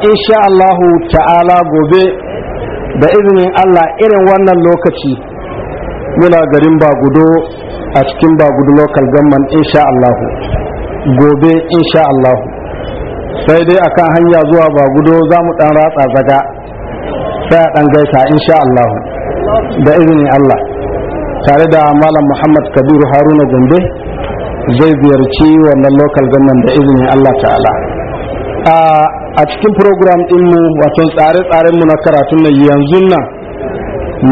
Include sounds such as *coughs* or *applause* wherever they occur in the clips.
insha Allahu ta'ala gobe da izinin Allah irin wannan lokaci muna garin bagudo a cikin bagudo local government insha Allahu gobe insha Allahu sai dai akan hanya zuwa bagudo za mu dan ratsa zaga sai a dan gaisa insha Allahu da izinin Allah tare da malam Muhammad Kabiru Haruna Gombe zai ziyarci wannan local government da izinin Allah ta'ala a cikin program ɗinmu wato tsare-tsarenmu na karatun na yanzu nan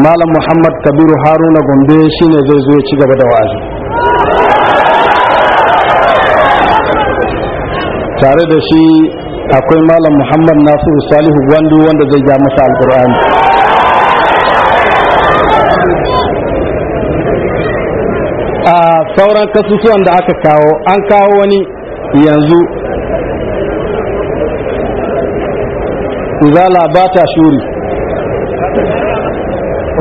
malam muhammad kabiru haruna gombe shine zai zo ya ci gaba da wa'azi tare da shi akwai malam muhammad nasiru salihu gwandu wanda zai ja masa alkur'ani a sauran kasusuwan da aka kawo an kawo wani yanzu izala ba ta shuri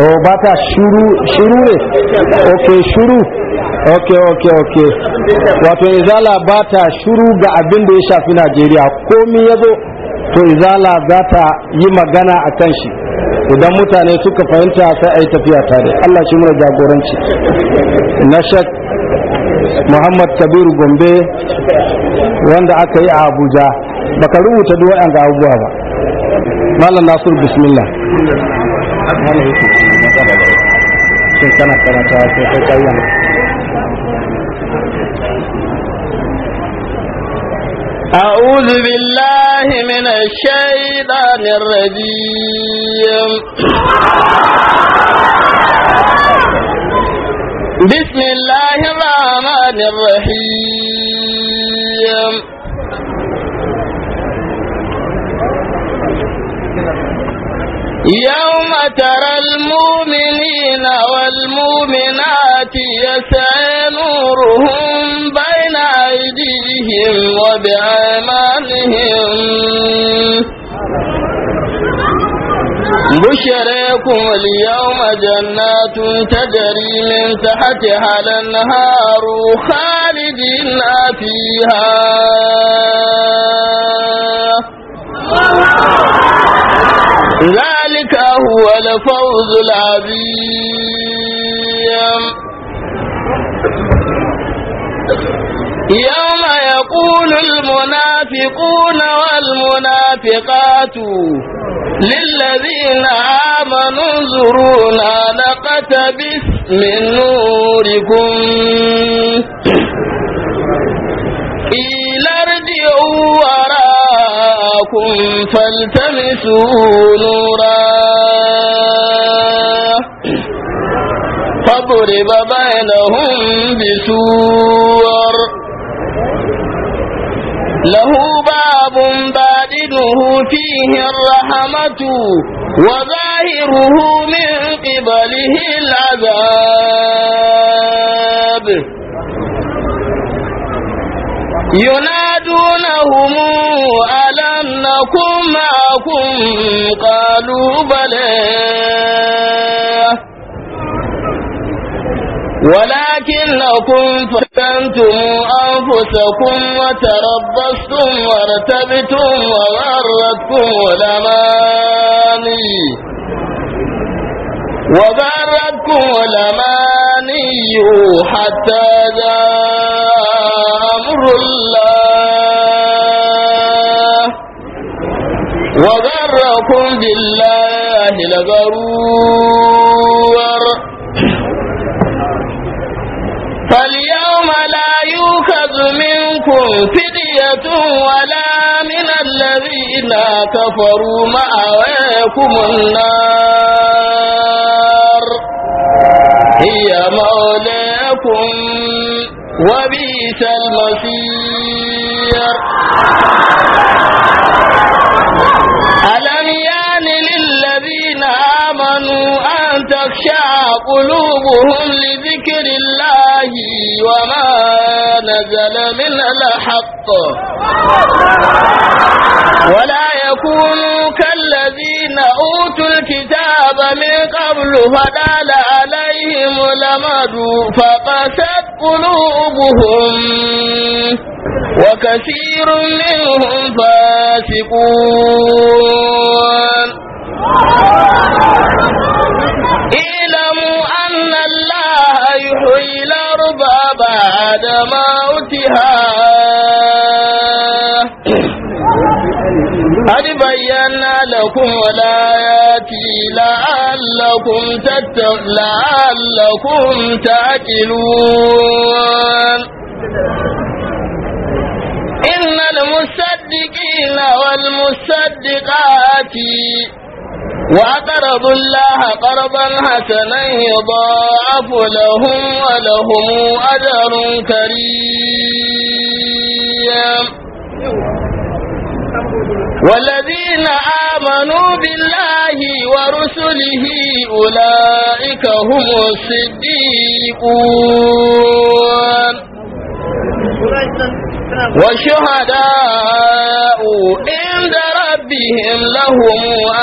oh ba ta shuru shuru ne ok shuru ok ok ok wato izala ba ta shuru ga abin da ya shafi najeriya komi ya zo to izala za ta yi magana a kan shi idan mutane suka fahimta sai a yi tafiya tare allah shi mura jagoranci na shak muhammad kabiru gombe wanda aka yi a abuja baka rubuta duk ga abubuwa ba قال الناصر بسم الله أعوذ بالله من الشيطان الرجيم بسم الله الرحمن الرحيم يوم ترى المؤمنين والمؤمنات يسعى نورهم بين أيديهم وبأيمانهم بشريكم اليوم جنات تجري من تحتها الانهار خالدين فيها ذلك ذلك هو الفوز العظيم يوم يقول المنافقون والمنافقات للذين آمنوا انظرونا نقتبس من نوركم الأرض وراكم فالتمسوا نورا فضرب بينهم بسور له باب بادنه فيه الرحمة وظاهره من قبله العذاب ينادونهم ألم نكن معكم قالوا بلى ولكنكم فتنتم أنفسكم وتربصتم وارتبتم وغرتكم الأماني وباركوا لماني حتى جاء أمر الله وغركم بالله الغرور فاليوم لا يوخذ منكم فدية ولا من الذين كفروا مأويكم النار هي مولاكم وبئس المصير ألم يان للذين آمنوا أن تخشع قلوبهم لذكر الله وما نزل من الحق ولا يكونوا كالذين أوتوا الكتاب من قبل زال عليهم الأمد فقست قلوبهم وكثير منهم فاسقون اعلموا أن الله يحيي الأرض بعد موتها قد بينا لكم ولا تتقوا لعلكم تعقلون إن المصدقين والمصدقات وأقرضوا الله قرضا حسنا يضاعف لهم ولهم أجر كريم والذين آمنوا بالله ورسله أولئك هم الصديقون والشهداء عند ربهم لهم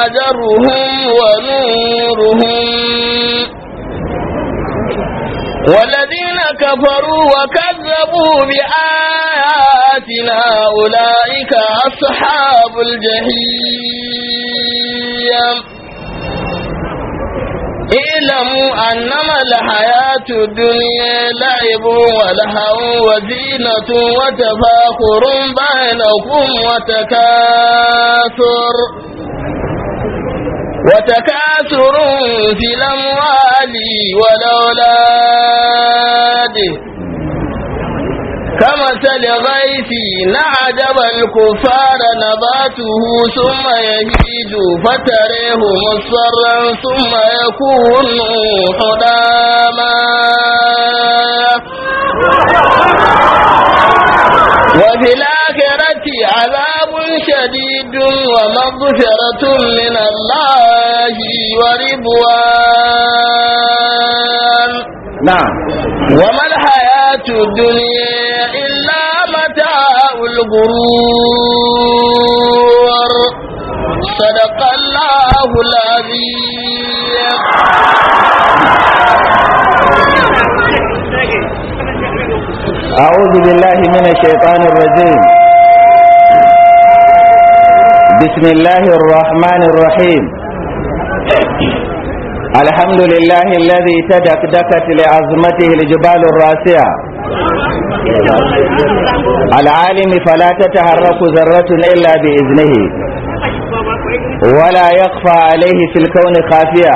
أجرهم ونورهم والذين كفروا وكذبوا بآياتنا أولئك أصحاب الجحيم اعلموا أنما الحياة الدنيا لعب ولهو وزينة وتفاخر بينكم وتكاثر وتكاثر في الأموال والأولاد كمثل غيث نعجب الكفار نباته ثم يهيج فتريه مصرا ثم يكون حلاما وفي الآخرة عذاب شديد ومغفرة من الله ورضوان نعم وما الحياة الدنيا إلا متاع الغرور صدق الله العظيم أعوذ بالله من الشيطان الرجيم بسم الله الرحمن الرحيم الحمد لله الذي تدكدكت لعظمته الجبال الراسعة العالم فلا تتحرك ذرة إلا بإذنه ولا يخفى عليه في الكون خافية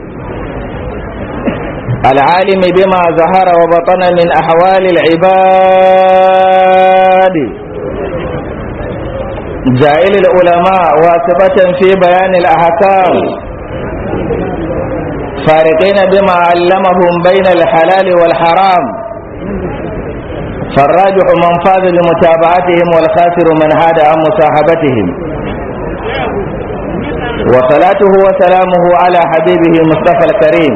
العالم بما ظهر وبطن من أحوال العباد جائل العلماء واسطة في بيان الأحكام فارقين بما علمهم بين الحلال والحرام فالراجح من فاز بمتابعتهم والخاسر من هاد عن مصاحبتهم وصلاته وسلامه على حبيبه المصطفى الكريم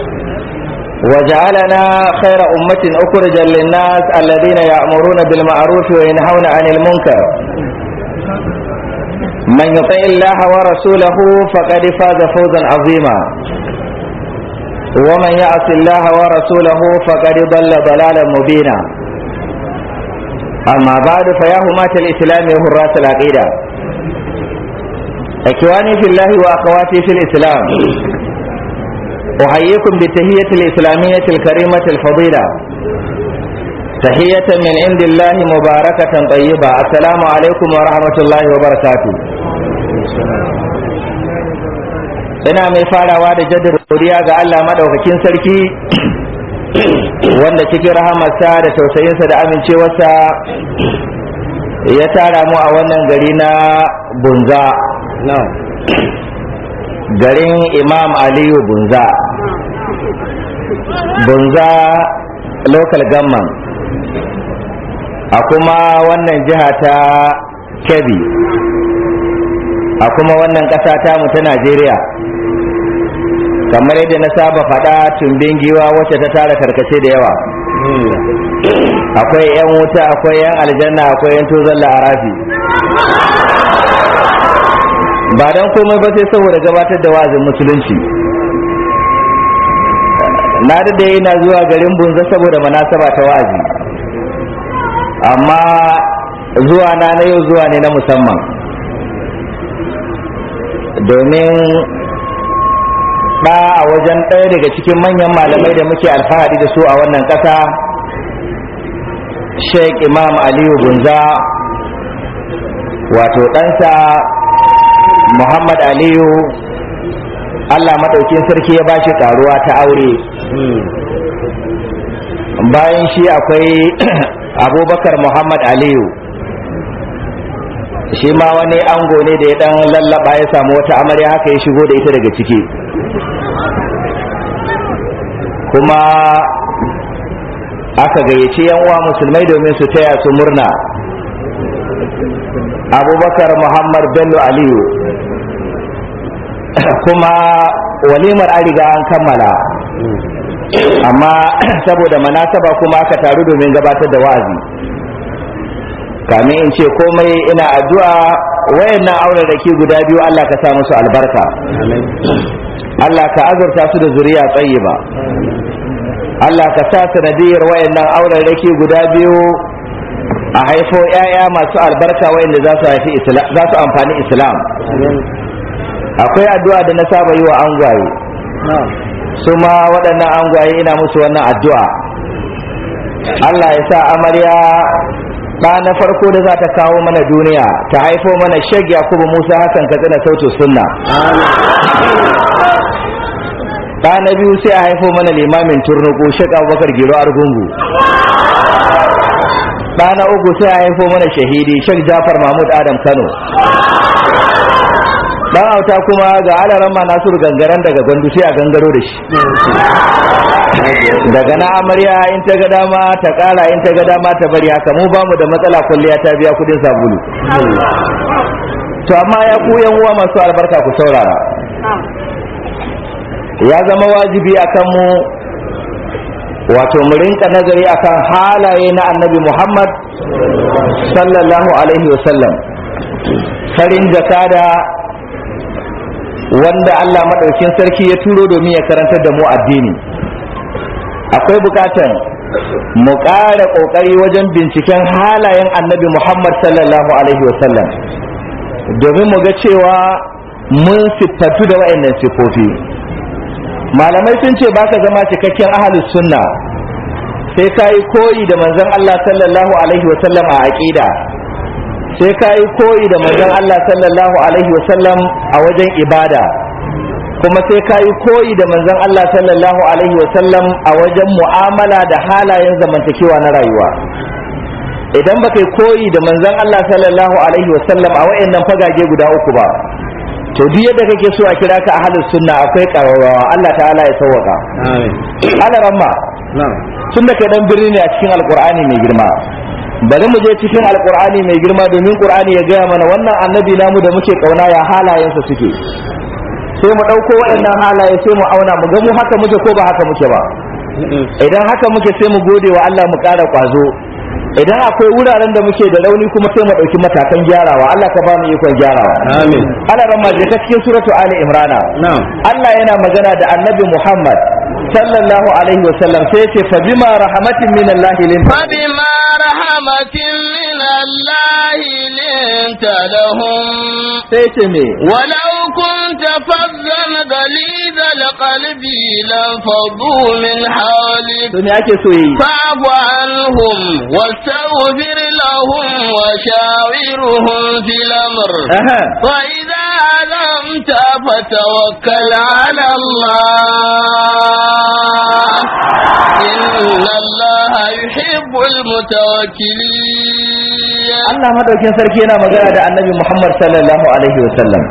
وجعلنا خير أمة أخرجا للناس الذين يأمرون بالمعروف وينهون عن المنكر من يطع الله ورسوله فقد فاز فوزا عظيما ومن يعص الله ورسوله فقد ضل ضلالا مبينا أما بعد فيا همات الإسلام وهراس العقيدة إخواني في الله وأخواتي في الإسلام أحييكم بالتهية الإسلامية الكريمة الفضيلة تحية من عند الله مباركة طيبة السلام عليكم ورحمة الله وبركاته ina mai farawa da jaddada godiya ga Allah maɗaukacin sarki wanda cikin rahamarsa da tausayinsa da amincewarsa ya tara mu a wannan gari na bunza garin imam aliyu bunza bunza local gamman a kuma wannan jiha ta kebbi a kuma wannan ƙasa mu ta najeriya kamar yadda na saba faɗa tumbin giwa wacce ta tara karkace da yawa akwai 'yan wuta akwai 'yan aljanna akwai 'yan tozon la'arafi ba don komai ba sai saboda gabatar da wa'azin musulunci na da yana zuwa garin bunza saboda munasaba ta wa'azi amma zuwa na na yau zuwa ne na musamman domin ba a wajen ɗaya daga cikin manyan malamai da muke alfahari da su a wannan ƙasa sheik imam aliyu bunza wato ɗansa muhammad aliyu allah maɗaukin sarki ya ba shi karuwa ta aure bayan shi akwai *clears throat* abubakar muhammad aliyu shi ma wani ango ne da ya dan lallaba ya samu wata amarya haka ya shigo da ita daga ciki kuma aka gayyace yan uwa musulmai domin su taya su murna abubakar muhammad bello aliyu *coughs* kuma walimar an riga an kammala hmm. amma *coughs* saboda manasaba kuma aka taru domin gabatar da wa'azi kamin in ce komai ina addu'a wayannan auren da ke guda biyu Allah ka sa musu albarka *coughs* Allah ka azurta su da zuriya tsayi ba Allah ka sa sanadiyar wayannan auren da ke guda biyu a haifo 'ya'ya masu albarka wayanda za su amfani islam akwai addu'a da na saba yi wa angwaye su ma waɗannan angwaye ina musu wannan addu'a Allah ya sa amarya ɗa na farko da za ta kawo mana duniya ta haifo mana shag yakubu musa hassan katsina sautu sunna ɗa na biyu sai a haifo mana limamin turnuku shek abubakar giro argungu ɗa na uku sai a haifo mana shahidi shek jafar mahmud adam kano dan auta kuma ga alaran ma nasiru gangaren daga gandu sai a gangaro da shi daga na amarya in ta ga dama ta kara in ta ga dama ta bari haka mu bamu da matsala kulliya ta biya kudin sabulu to amma ya ku uwa masu albarka ku saurara ya zama wajibi akan mu wato mu rinka nazari akan halaye na annabi Muhammad sallallahu alaihi wasallam farin jakada wanda Allah maɗaukin sarki ya turo domin ya karantar da mu addini akwai bukatan mu ƙara ƙoƙari wajen binciken halayen annabi Muhammad sallallahu alaihi wasallam domin mu ga cewa mun siffatu da wa'annan sifofi malamai sun ce ba ka zama cikakken ahalus sunna sai ka yi koyi da manzon Allah sallallahu alaihi wasallam a aƙida sai ka yi koyi da manzon Allah sallallahu alaihi wasallam a wajen ibada kuma sai ka yi koyi da manzon Allah sallallahu alaihi wasallam a wajen mu'amala da halayen zamantakewa na rayuwa idan ba kai koyi da manzon Allah sallallahu alaihi wasallam a wayannan fagage guda uku ba to duk yadda kake so a kira ka ahlus sunna akwai kararrawa Allah ta'ala ya sauwaka amin alaramma na'am da kai dan birni ne a cikin alqur'ani mai girma bari mu je cikin alkur'ani mai girma domin qur'ani ya gaya mana wannan annabi namu da muke kauna ya halayensa suke sai mu ɗauko waɗannan halaye sai mu auna mu ga mu haka muke ko ba haka muke ba idan haka muke sai mu gode wa Allah mu ƙara kwazo idan akwai wuraren da muke da rauni kuma sai mu ɗauki matakan gyarawa Allah ka ba mu ikon gyarawa amin Ala ran maje ta cikin suratu ali imrana Allah yana magana da annabi Muhammad صلى الله عليه وسلم سيك فبما رحمة من الله لنت فبما رحمة من الله لنت لهم سيتمي ولو كنت فظا غليظ القلب لانفضوا من حولك دنيا كسوي فاعف عنهم واستغفر لهم وشاورهم في الامر أه. فاذا عزمت فتوكل على الله yuhibbul mutawakkilin Allah madaukin sarki yana magana da Annabi Muhammad sallallahu alaihi wasallam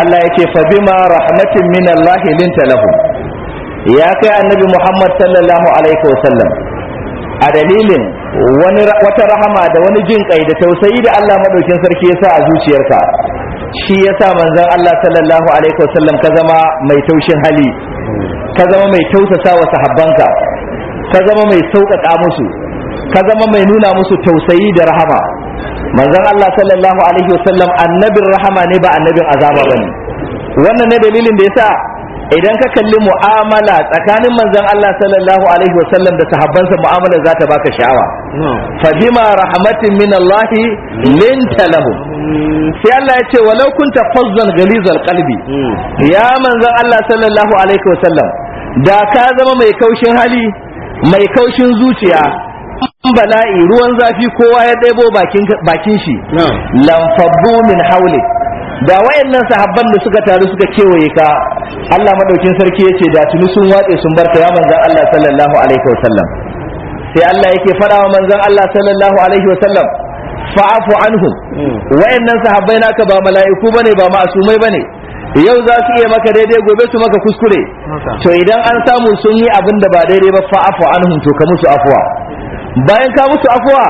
Allah yake fa bima rahmatin min Allah linta ya kai Annabi Muhammad sallallahu alaihi a dalilin wani wata rahama da wani jin kai da tausayi da Allah madaukin sarki ya sa a zuciyarka shi ya sa manzon Allah sallallahu alaihi ka zama mai taushin hali ka zama mai tausasa wa sahabbanka ka zama mai sauƙaƙa musu ka zama mai nuna musu tausayi da rahama manzon Allah sallallahu alaihi wasallam annabin rahama ne ba annabin azaba bane wannan ne dalilin da yasa idan ka kalli mu'amala tsakanin manzon Allah sallallahu alaihi wasallam da sahabbansa mu'amala za ta baka sha'awa fa bima rahmatin min Allah linta lahum sai Allah ya ce walau kunta fazzan ghalizal qalbi hmm. ya manzon Allah sallallahu alaihi wasallam da ka zama mai kaushin hali mai kaushin zuciya in bala'i ruwan zafi kowa ya ɗebo bakin shi Lamfabu min haule da wayannan sahabban da suka taru suka kewaye ka Allah madaukin sarki ya ce da tuni sun watse sun barka ya manzan Allah sallallahu alaihi wasallam sai Allah yake fara wa manzan Allah sallallahu alaihi wasallam fa'afu anhum hmm. wayannan sahabbai naka ba mala'iku bane ba ma'asumai bane yau za su iya maka daidai gobe su maka kuskure to idan an samu sun yi abin da ba daidai ba fa afu anhum to ka musu afwa bayan ka musu afwa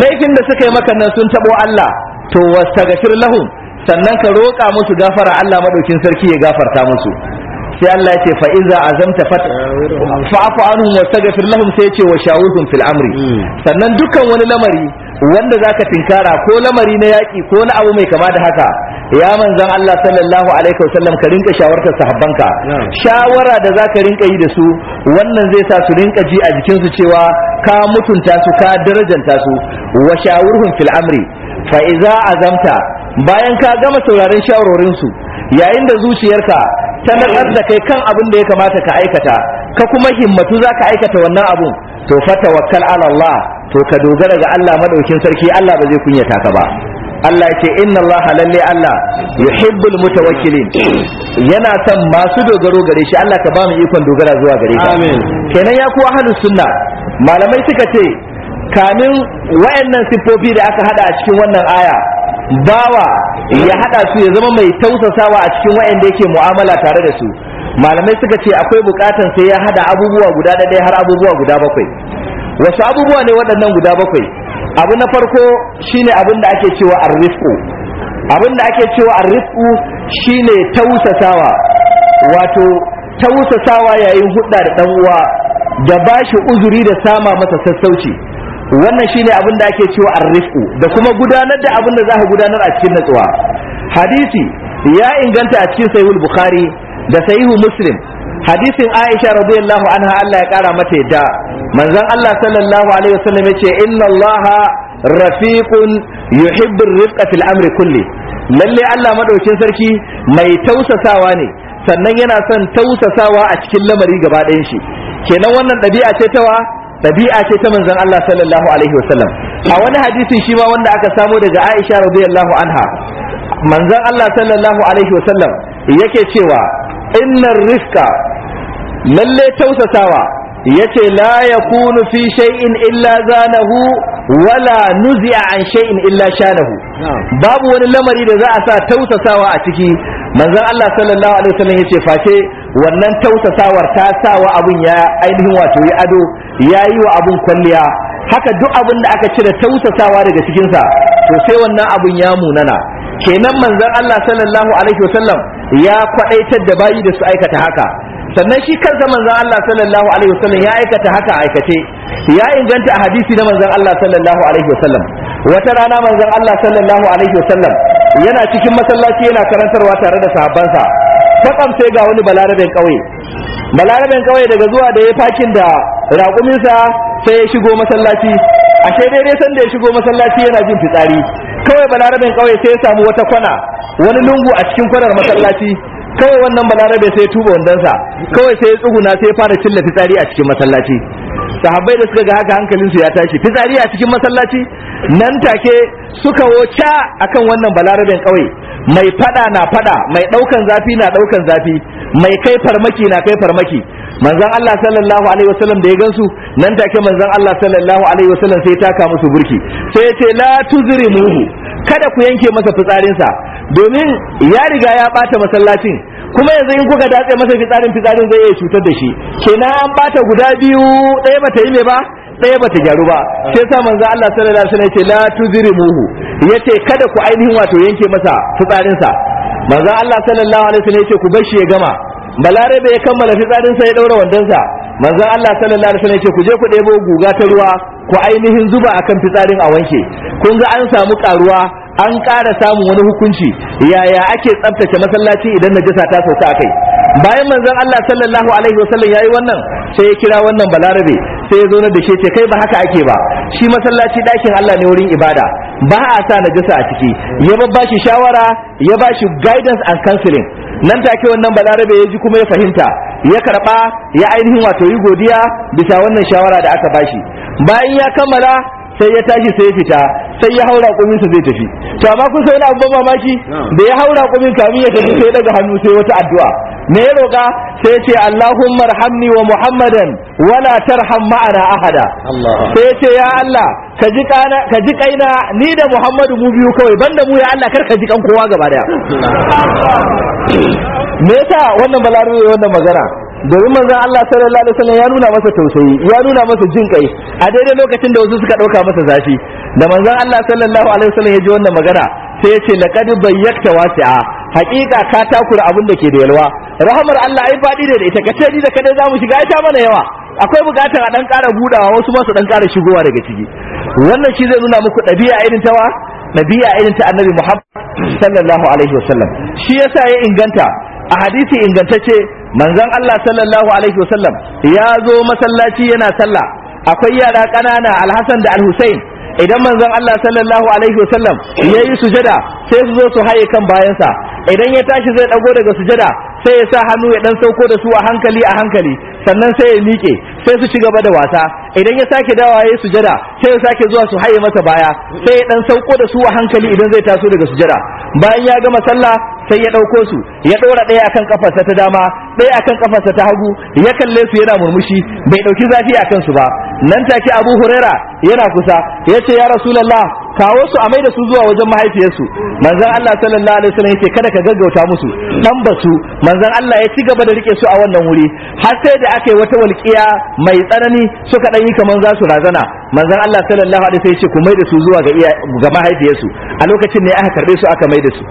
laifin da suka yi maka nan sun tabo Allah to wastaghfir lahum sannan ka roƙa musu gafara Allah madaukin sarki ya gafarta musu sai Allah ya ce fa iza azamta fata fa'fu anhum wastaghfir lahum sai ya ce wa shawirhum fil amri hmm. sannan dukkan wani lamari wanda zaka tinkara ko lamari na yaki ko na abu mai kama da haka ya manzan Allah sallallahu alaihi wasallam ka rinka shawartar sahabbanka shawara da za ka rinka yi da su wannan zai sa su rinka ji a jikin su cewa ka mutunta su ka darajanta su wa shawurhum fil amri fa iza azamta bayan ka gama sauraron shawarorin su yayin da zuciyarka ta nazar da kai kan abin da ya kamata ka aikata ka kuma himmatu za ka aikata wannan abun to fa tawakkal ala Allah to ka dogara ga Allah madaukin sarki Allah ba zai kunyata ka ba Allah ke inna Allah lalle Allah yuhibbul mutawakkilin yana son masu dogaro gare shi Allah ka ba mu ikon dogara zuwa gare ka amin kenan ya ku ahlus sunna malamai suka ce kamin wayannan sifofi da aka hada a cikin wannan aya bawa ya hada su ya zama mai tausasawa a cikin wayanda yake mu'amala tare da su malamai suka ce akwai bukatan sai ya hada abubuwa guda ɗaya har abubuwa guda bakwai wasu abubuwa ne waɗannan guda bakwai abu na farko shine abin da ake cewa arrifku abin da ake cewa arrifku shine tausasawa wato tausasawa yayin hudda da dan uwa da bashi uzuri da sama masa sassauci wannan shine abin da ake cewa arrifku da kuma gudanar da abin da za ka gudanar a cikin natsuwa hadisi ya inganta a cikin sahihul bukhari da sahihu muslim hadisin Aisha radiyallahu anha Allah ya kara mata yadda manzon Allah sallallahu alaihi wasallam yace inna Allah rafiqun yuhibbu rifqa fil amri kulli lalle Allah madaukin sarki mai tausasawa ne sannan yana son tausasawa a cikin lamari gaba ɗayan shi kenan wannan ɗabi'a ce tawa ɗabi'a ce ta manzon Allah sallallahu alaihi wasallam a wani hadisin shi ma wanda aka samo daga Aisha radiyallahu anha manzon Allah sallallahu alaihi wasallam yake cewa Innan rifka lalle tausasawa yace la yakunu fi shay'in illa zanahu wala nuzi'a an shay'in illa shanahu babu wani lamari da za a sa tausasawa a ciki manzon Allah sallallahu alaihi wasallam yace face wannan tausasawar ta sa wa abun ya ainihin wato ya ado yayi wa abun kwalliya haka duk abin da aka cire tausasawa daga cikinsa to sai wannan abun ya munana kenan manzon Allah sallallahu alaihi wasallam ya kwadaitar da bayi da su aikata haka sannan shi kansa manzon Allah sallallahu alaihi wasallam ya aikata haka aikace ya inganta a hadisi na manzon Allah sallallahu alaihi wasallam wata rana manzon Allah sallallahu alaihi wasallam yana cikin masallaci yana karantarwa tare da sahabbansa kwatsam sai ga wani balarabin kauye balarabin ƙauye daga zuwa da ya fakin da raƙuminsa sai ya shigo masallaci ashe daidai san da ya shigo masallaci yana jin fitsari kawai balarabin kawai sai ya samu wata kwana wani lungu a cikin kwanar masallaci kawai wannan balarabe sai ya tuba wandansa kawai sai ya tsuguna sai ya fara cilla fitsari a cikin masallaci sahabbai da suka ga haka su ya tashi fitsari a cikin masallaci nan take suka wuce akan wannan balarabin kawai mai fada na fada mai daukan zafi na daukan zafi mai kai farmaki na kai farmaki manzon Allah sallallahu alaihi wasallam da ya gansu nan take manzan Allah sallallahu alaihi wasallam sai taka musu burki sai ya ce la tuzrimuhu kada ku yanke masa fitsarinsa domin ya riga ya bata masallacin kuma yanzu in kuka datse masa fitsarin fitsarin zai iya cutar da shi kenan an bata guda biyu ɗaya bata yi mai ba ɗaya bata gyaru ba sai sa manzo Allah sallallahu alaihi wasallam ya ce la tuzrimuhu yace kada ku ainihin wato yanke masa fitsarinsa manzo Allah sallallahu alaihi wasallam ya ce ku bar shi ya gama balarabe ya kammala fitsarin fitsarinsa ya daura wandonsa manzon Allah sallallahu alaihi wasallam ku je ku ɗebo guga ta ruwa ku ainihin zuba akan fitsarin a wanke kun ga an samu karuwa an ƙara samun wani hukunci yaya ake tsaftace masallaci idan najasa ta sauka kai, bayan manzon Allah sallallahu alaihi wasallam yayi wannan sai ya kira wannan balarabe sai ya zo da shi ce kai ba haka ake ba shi masallaci ɗakin Allah ne wurin ibada ba a sa najasa a ciki ya babba shi shawara ya ba shi guidance and counseling nan take wannan balarabe ya ji kuma ya fahimta ya karba ya ainihin wato yi godiya bisa wannan shawara da aka bashi bayan ya kammala sai ya tashi sai ya fita sai ya haura kumin sa zai tafi to amma kun sai wani mamaki da ya haura kumin kamin ya tafi sai daga hannu sai wata addu'a me ya roƙa sai ya ce Allahumma rahamni wa Muhammadan wala tarham ma'ana ahada sai ya ce ya Allah ka ji kana ka ji kaina ni da Muhammadu mu biyu kawai banda mu ya Allah kar ka ji kan kowa gaba daya me yasa wannan ne wannan magana domin manzon Allah sallallahu alaihi wasallam ya nuna masa tausayi ya nuna masa jin kai a daidai lokacin da wasu suka dauka masa zafi da manzon Allah sallallahu alaihi wasallam ya ji wannan magana sai ya ce laqad bayyakta wasi'a hakika ka takura abin da ke da yalwa rahamar Allah ai faɗi da ita ka ce ni da kada zamu shiga ita mana yawa akwai bukatar a dan ƙara budawa wasu masu dan kara shigowa daga ciki wannan shi zai nuna muku ɗabi'a irin ta wa ɗabi'a irin ta annabi Muhammad sallallahu alaihi wasallam shi yasa ya inganta a hadisi ingantacce manzon Allah sallallahu alaihi wasallam ya zo masallaci yana sallah akwai yara ƙanana Alhassan da Alhusain idan manzon Allah sallallahu alaihi wasallam ya yi sujada sai su zo su haye kan bayansa idan ya tashi zai dago daga sujada sai ya sa hannu ya dan sauko da su a hankali a hankali sannan sai ya miƙe sai su ci gaba da wasa idan ya sake dawa ya sujada sai ya sake zuwa su haye masa baya sai ya dan sauko da su a hankali idan zai taso daga sujada bayan ya gama sallah sai ya ɗauko su ya ɗora ɗaya akan kafarsa ta dama ɗaya akan kafarsa ta hagu ya kalle su yana murmushi bai ɗauki zafi a kansu ba nan take abu huraira yana kusa ya ce ya Rasulullah kawo su a maida su zuwa wajen mahaifiyarsu manzon Allah sallallahu alaihi wasallam yace kada ka gaggauta musu dan basu manzon Allah ya ci gaba da rike su a wannan wuri har sai da aka yi wata walƙiya mai tsanani suka ɗan yi kamar za su razana manzan Allah sallallahu alaihi wasallam ya ce ku mai su zuwa ga mahaifiyarsu a lokacin ne aka karbe su aka mai su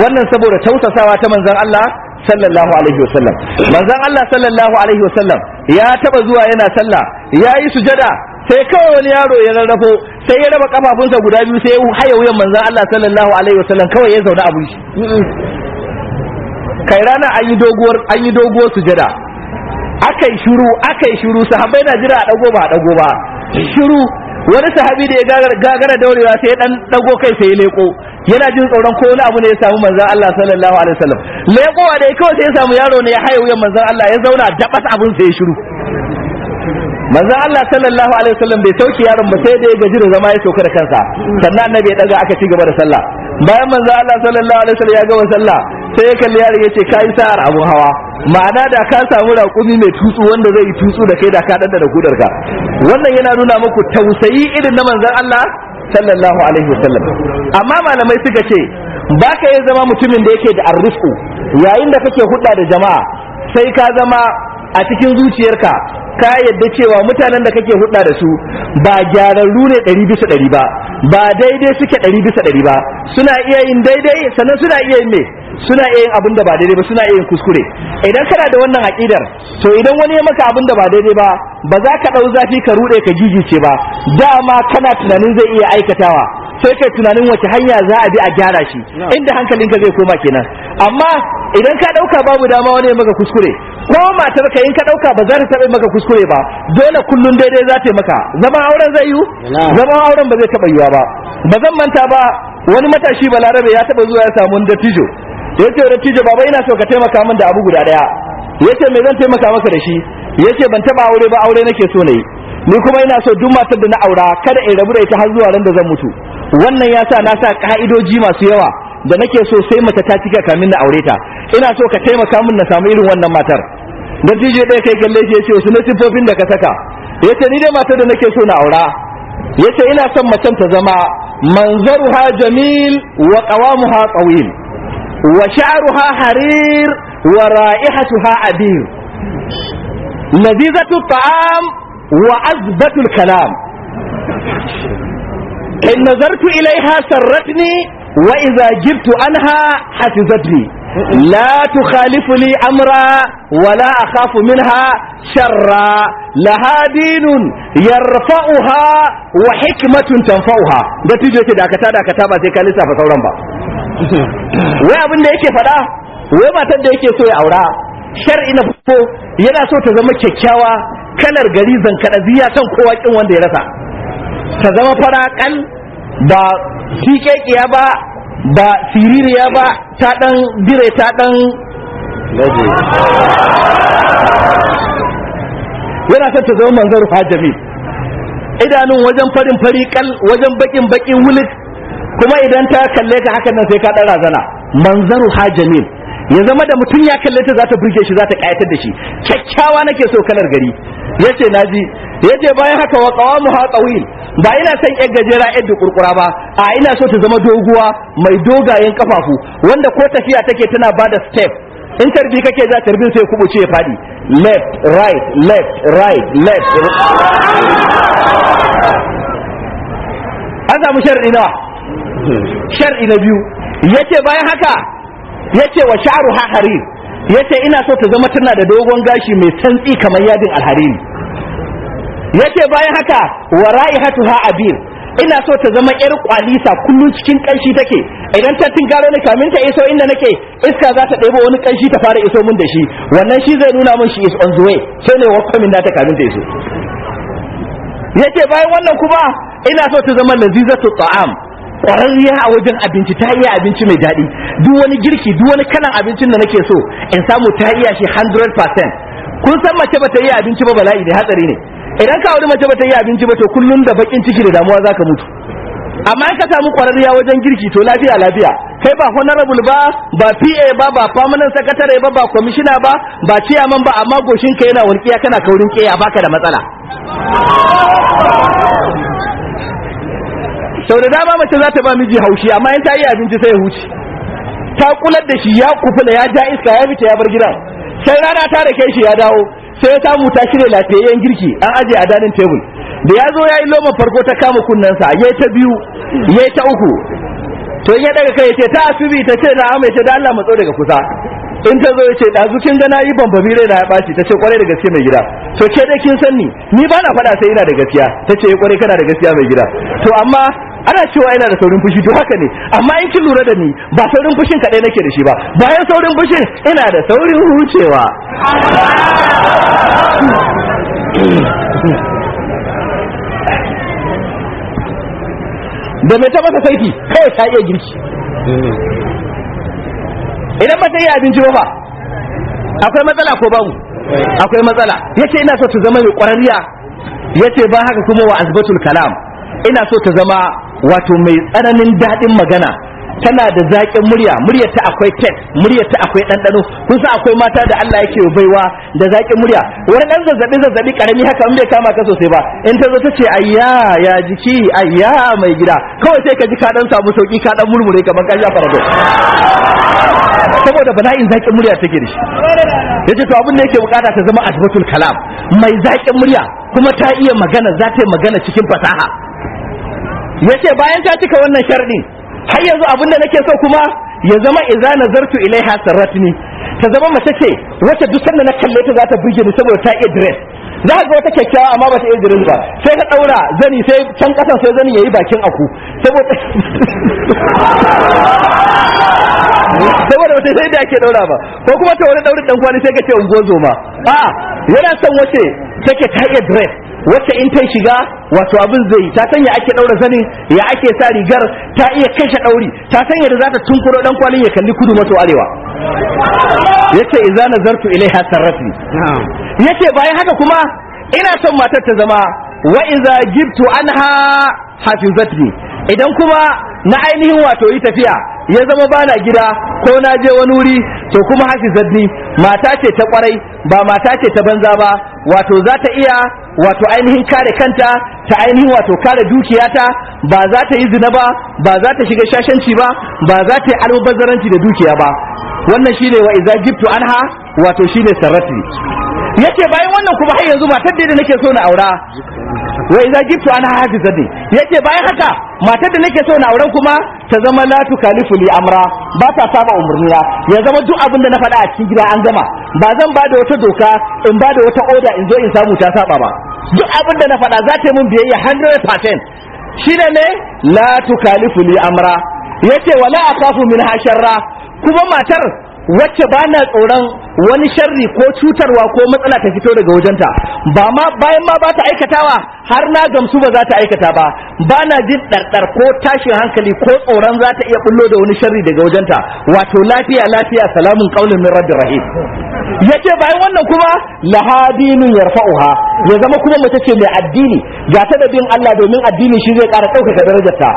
wannan saboda tausasawa ta manzan Allah sallallahu alaihi wasallam manzan Allah sallallahu alaihi wasallam ya taba zuwa yana sallah ya yi sujada sai kawai wani yaro ya rarrafo sai ya raba kafafunsa guda biyu sai ya haye wuyan manzan Allah sallallahu alaihi wasallam kawai ya zauna abun shi kai rana an yi doguwar an yi doguwar sujada aka yi shuru aka yi shuru sahabbai na jira a dago ba a dago ba shuru wani sahabi da ya gagara daurewa sai ya dan dago kai sai ya leko yana jin tsoron ko wani abu ne ya samu manzon Allah sallallahu alaihi wasallam wa da kawai sai ya samu yaro ne ya haye wuyan manzon Allah ya zauna dabas abun sai ya shiru manzon Allah sallallahu alaihi wasallam bai sauke yaron ba sai da ya gaji da zama ya sauka da kansa sannan annabi ya daga aka ci gaba da sallah bayan manzon Allah sallallahu alaihi wasallam ya gama sallah sai ya kalli yaron ya ce ka yi sa'ar abun hawa ma'ana da ka samu raƙumi mai tutsu wanda zai yi tutsu da kai da ka da gudar ka wannan yana nuna muku tausayi irin na manzon Allah sallallahu alaihi wasallam amma malamai suka ce ba ka iya zama mutumin da yake da arrisku yayin da kake hudda da jama'a sai ka zama a cikin zuciyarka ka yadda cewa mutanen da kake hudda da su ba gyararru ne ɗari bisa ɗari ba ba daidai suke ɗari bisa ɗari ba suna iya yin daidai sannan suna iya yin me suna iya yin abin da ba daidai ba suna iya yin kuskure idan kana da wannan aqidar to idan wani ya maka abin da ba daidai ba ba za ka ɗau zafi ka ruɗe ka jijice ba dama kana tunanin zai iya aikatawa sai kai tunanin wace hanya za a bi a gyara shi inda hankalinka zai koma kenan amma idan ka ɗauka babu dama wani ya maka kuskure ko matar ka in ka ɗauka ba za ta taɓa maka kuskure ba dole kullum daidai za ta maka zaman auren zai yiwu zaman auren ba zai taba yiwa ba ba zan manta ba wani matashi balarabe ya taba zuwa ya samu dattijo ya ce da tijo baba ina so ka taimaka min da abu guda daya ya ce me zan taimaka masa da shi ya ce ban taba aure ba aure nake so na yi ni kuma ina so duk matar da na aura kada in rabu da ita har zuwa ran da zan mutu wannan ya sa na sa ka'idoji masu yawa da nake so sai mata ta cika kamin na aure ta ina so ka taimaka min na samu irin wannan matar dan tijo ɗaya kai kalle ya ce wasu na siffofin da ka saka ya ce ni dai matar da nake so na aura ya ce ina son macen ta zama manzaruha jamil wa qawamuha tawil وشعرها حرير ورائحتها عبير لذيذة الطعام وعذبة الكلام إن نظرت إليها سرتني وإذا جبت عنها حفظتني لا تخالف لي أمرا ولا أخاف منها شرا لها دين يرفعها وحكمة تنفعها نتيجة كده كتابة كتابة زي كان لسه فصورا بقى wai abinda yake faɗa wai matan da yake so ya aura shar'i na fito yana so ta zama kyakkyawa kalar gari ziya kan kowa kin wanda ya rasa ta zama fara kan ba tikekiya ba ba siririya ba ta dan dire ta dan yana son ta zama manzar hajjami idanun wajen farin fari kal wajen bakin bakin wulit kuma idan ta kalle ka hakan nan sai ka dan razana manzaru ha jamil ya zama da mutum ya kalle ta za ta burge shi za ta kayatar da shi kyakkyawa nake so kalar gari yace naji yace bayan haka wa qawamu ha tawil ba ina son yar gajera yar da kurkura ba a ina so ta zama doguwa mai dogayen kafafu wanda ko tafiya take tana bada step in tarbi kake za tarbin sai kubuce ya fadi left right left right left an samu sharadi nawa shar'i na biyu yace bayan haka yace wa sha'ru ha harir yace ina so ta zama tana da dogon gashi mai santsi kamar yadin alhariri yace bayan haka wa ra'ihatuha abir ina so ta zama yar kwalisa kullun cikin kanshi take idan ta tingaro ni kamin ta iso inda nake iska za ta ɗebo wani kanshi ta fara iso mun da shi wannan shi zai nuna mun shi is on the way sai ne wakwa min da ta kamin ta iso yace bayan wannan kuma ina so ta zama lazizatu ta'am ƙwararriya a wajen abinci ta iya abinci mai daɗi duk wani girki duk wani kalan abincin da nake so in samu ta iya shi 100% kun san mace bata yi abinci ba bala'i ne hatsari ne idan ka auri mace bata yi abinci ba to kullum da bakin ciki da damuwa za ka mutu amma in ka samu ƙwararriya wajen girki to lafiya lafiya kai ba honorable ba ba PA ba ba permanent secretary ba ba commissioner ba ba chairman ba amma goshin ka yana wani kiya kana kaurin kiya baka da matsala sau da dama mace za ta ba miji haushi amma yin ta yi abinci sai ya huce ta kular da shi ya kufula ya ja iska ya fita ya bar gida sai rana ta da kai shi ya dawo sai ya samu ta shirya lafiyayyen girki an ajiye a danin tebul da ya zo ya yi loman farko ta kama kunnensa ya ta biyu ya ta uku to ya daga kai ce ta asubi ta ce na ta da Allah matso daga kusa in ta zo ya ce dazu kin ga nayi ban rai na ya baci ta ce kwarai da gaske mai gida to ke dai kin sanni ni ni ba na faɗa sai ina da gaskiya ta ce kwarai eh, kana da gaskiya mai gida to amma ana cewa yana da saurin fushi to haka ne amma in kin lura da ni ba saurin fushin kadai nake da shi ba bayan saurin fushin ina da saurin hucewa da mai ta masa saiti kai ta iya girki idan ba ta yi abinci ba akwai matsala ko babu akwai matsala yace ina so ta zama mai kwararriya yace ba haka kuma wa azbatul kalam ina so ta zama wato mai tsananin daɗin magana tana da zaƙin murya murya ta akwai tet murya ta akwai ɗanɗano kun san akwai mata da Allah yake baiwa da zaƙin murya wani ɗan zazzabi zazzabi karami haka in bai kama ka sosai ba in ta zo ta ce ayya ya jiki ayya mai gida kawai sai ka ji ka dan samu sauki ka dan murmure kamar ka shafa farado. saboda bala'in zaƙin murya take da shi yace to abin da yake bukata ta zama asbatul kalam mai zaƙin murya kuma ta iya magana za ta yi magana cikin fasaha yace bayan ta cika wannan sharɗin har yanzu abin da nake so kuma ya zama zartu nazartu ilaiha sarratni ta zama mace ce wacce duk sanda na kalle ta za ta ni saboda ta iya dress za a ga wata kyakkyawa amma ba ta iya dress ba sai ta daura zani sai can kasan sai zani yi bakin aku saboda *laughs* saboda wata sai da ake daura ba ko kuma ta wani daurin dan kwani sai ka ce zo ma a yana son wace take ta iya dress wacce in ta shiga wato abin zai ta sanya ake daura zanin ya ake sa rigar ta iya kashe dauri ta sanya da za ta tunkuro dan kwalin ya kalli kudu maso arewa yace idza nazartu ilaiha sarrafi yace bayan haka kuma ina son matar ta zama wa idza gibtu anha hafizatni idan kuma na ainihin wato yi tafiya ya zama bana gida ko na je wani wuri to kuma hafizadni mata ce ta kwarai ba mata ce ta banza ba wato za ta iya wato ainihin kare kanta ta ainihin wato kare dukiyata ba za ta yi zina ba ba za ta shiga shashanci ba ba za ta yi almubazzaranci da dukiya ba wannan shine wa iza gibtu anha wato shine sarrati yace bayan wannan kuma har yanzu matar da nake so na aura wa idza jibtu ana hafizati yace bayan haka matar da nake so na auren kuma ta zama la tukalifu li amra ba ta saba umurnina ya zama duk abin da na faɗa a cikin gida an gama ba zan ba da wata doka in ba da wata oda in zo in samu ta saba ba duk abin da na faɗa za ta yi mun biyayya 100% shine ne la tukalifu li amra yace wala akafu min hasharra kuma matar wacce ba na tsoron wani sharri ko cutarwa ko matsala ta fito daga wajenta ba ma bayan ma ba ta aikatawa har na gamsu ba za ta aikata ba ba na jin ɗarɗar ko tashin hankali ko tsoron za ta iya bullo da wani sharri daga wajenta wato lafiya lafiya salamun ƙaunin min rabbi rahim Ya ce bayan wannan kuma lahadinun yarfa'uha ya zama kuma mace ce mai addini ga ta da bin Allah domin addini shi zai ƙara ɗaukaka darajarta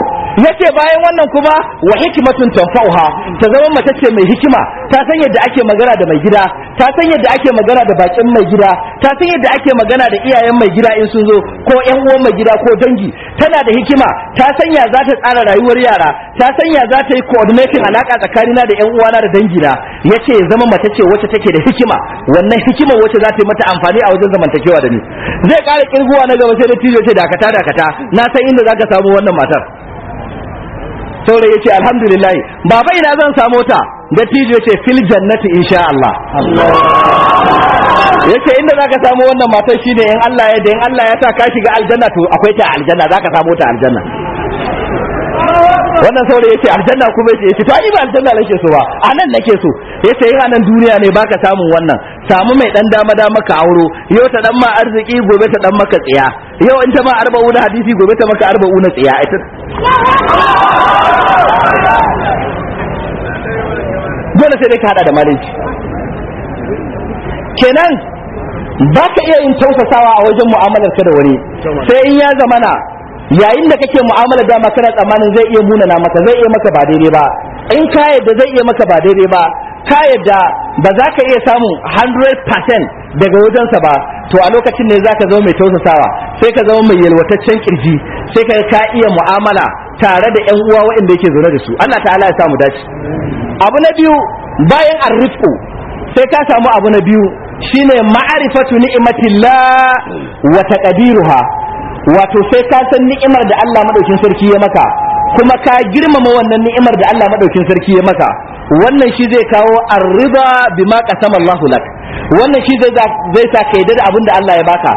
ce bayan wannan kuma wa hikmatun tanfa'uha ta zama mace ce mai hikima ta ta san yadda ake magana da mai gida ta san yadda ake magana da bakin mai gida ta san yadda ake magana da iyayen mai gida in sun zo ko yan uwan mai gida ko dangi tana da hikima ta san ya za ta tsara rayuwar yara ta san ya za ta yi coordinating alaka tsakanina da yan uwana da dangina yace ya zama mace ce wacce take da hikima wannan hikima wacce za ta yi mata amfani a wajen zamantakewa da ni zai ƙara kirguwa na gaba sai da tijo ce dakata dakata na san inda za ka samu wannan matar saurayi ya ce alhamdulillah baba ina zan samu ta dattijo ya ce fil jannati insha Allah ce inda zaka samu wannan matar shine in Allah ya da in Allah ya sa ka shiga aljanna to akwai ta aljanna zaka samu ta aljanna wannan saurayi ce aljanna kuma ya ce to ai ba aljanna lake so ba anan nake so yace yin anan duniya ne baka samun wannan samu mai dan dama dama ka auro yau ta dan ma arziki gobe ta dan maka tsiya yau in ta ma arba'u na hadisi gobe ta maka arba'u na tsiya ita dole sai dai ka hada da malinci kenan ba ka iya yin tausasawa a wajen mu'amalar ka da wani sai in ya zamana yayin da kake mu'amalar dama kana tsammanin zai iya munana maka zai iya maka ba daidai ba in ka yadda zai iya maka ba daidai ba ka yadda ba za ka iya samun 100% daga wajensa ba to a lokacin ne za ka zama mai tausasawa sai ka zama mai yalwataccen kirji sai ka ka iya mu'amala tare da yan uwa waɗanda yake zaune da su Allah ta'ala ya samu dace abu na biyu bayan arrifku sai ka samu abu na biyu shine ma'arifatu ni'matillah wa taqdiruha wato sai ka san ni'imar da Allah madaukin sarki ya maka kuma ka girmama wannan ni'imar da Allah madaukin sarki ya maka wannan shi zai kawo arriba bima qasama Allah lak wannan shi zai zai sa kai da abin da Allah ya baka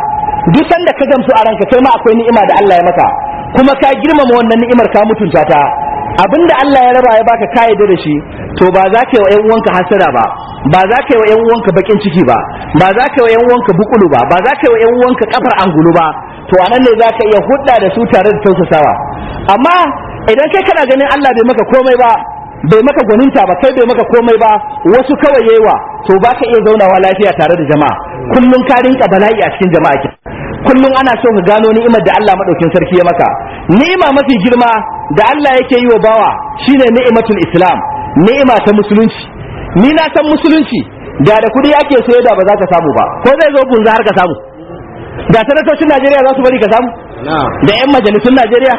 duk sanda ka gamsu a ranka sai ma akwai ni'ima da Allah ya maka kuma ka girmama wannan ni'imar ka mutunta ta abinda Allah ya raba ya baka ka yarda da shi to ba za ka yi wa ƴan uwanka hasara ba ba za ka yi wa ƴan uwanka bakin ciki ba ba za ka yi wa ƴan uwanka bukulu ba ba za ka yi wa ƴan uwanka kafar angulu ba to anan ne za ka iya hudda da su tare da tausasawa amma idan kai kana ganin Allah bai maka komai ba bai maka gwaninta ba kai bai maka komai ba wasu kawai yayi wa to ba ka iya zaunawa lafiya tare da jama'a kullum ka rinka bala'i a cikin jama'a kullum ana so ka gano ni'imar da Allah madaukin sarki ya maka ni'ima mafi girma da Allah yake yi wa bawa shine ni'imatul islam ni'ima ta musulunci ni na san musulunci da da kuɗi ake sayo da ba za ka samu ba ko zai zo gunza har ka samu da sanatocin Najeriya za su bari ka samu da 'yan majalisun Najeriya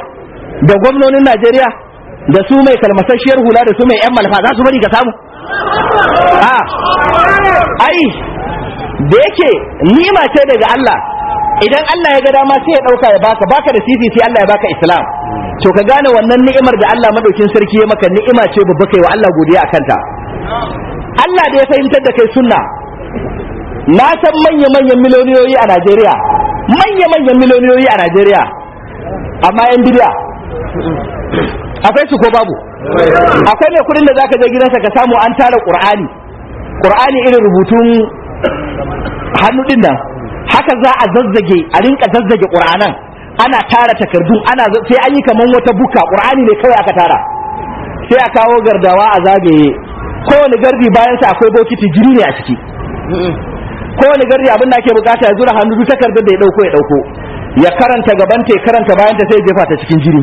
da gwamnonin Najeriya da su mai kalmasasshiyar hula da su mai 'yan malfa za su bari ka samu a ah. ai da yake nima ce daga Allah idan Allah ya ga dama sai ya dauka ya baka baka da sisi sai Allah ya baka islam to ka gane wannan ni'imar da Allah madaukin sarki ya maka ni'ima ce babba kai wa Allah godiya akan ta Allah da ya fahimtar da kai sunna na san manya manyan miliyoyi a Najeriya manya manyan miliyoyi a Najeriya amma yan bidiya akwai su ko babu akwai ne kudin da zaka je gidansa ka samu an tara Qur'ani Qur'ani irin rubutun hannu din nan haka za a zazzage a rinka zazzage ƙur'anan ana tara takardu ana sai an yi kaman wata buka ƙur'ani ne kawai aka tara sai a kawo gardawa a zagaye kowane gardi bayan sa akwai bokiti jiri ne a ciki kowane gardi abin da ake bukata ya zura hannu takardar da ya dauko ya dauko ya karanta gaban ta ya karanta bayan ta sai ya jefa ta cikin jiri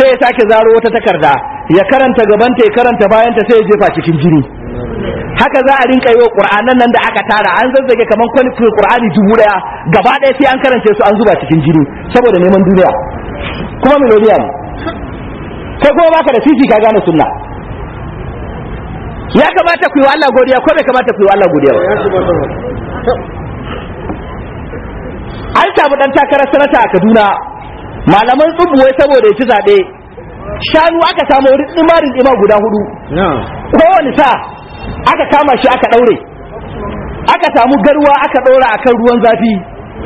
sai ya sake zaro wata takarda ya karanta gaban ta ya karanta bayan ta sai ya jefa cikin jiri haka za a rinka yi qur'anan nan da aka tara an zazzage kaman kwalifin qur'ani dubu daya gaba daya sai an karance su an zuba cikin jini saboda neman duniya kuma melodiya ne kai kuma baka da sisi ka gane sunna ya kamata ku yi wa Allah godiya ko bai kamata ku yi wa Allah godiya ba an samu dan takarar sanata a Kaduna malaman tsubu wai saboda ya ci zabe shanu aka samu rimar rima guda hudu kowane sa aka kama shi aka daure aka samu garwa aka daura akan ruwan zafi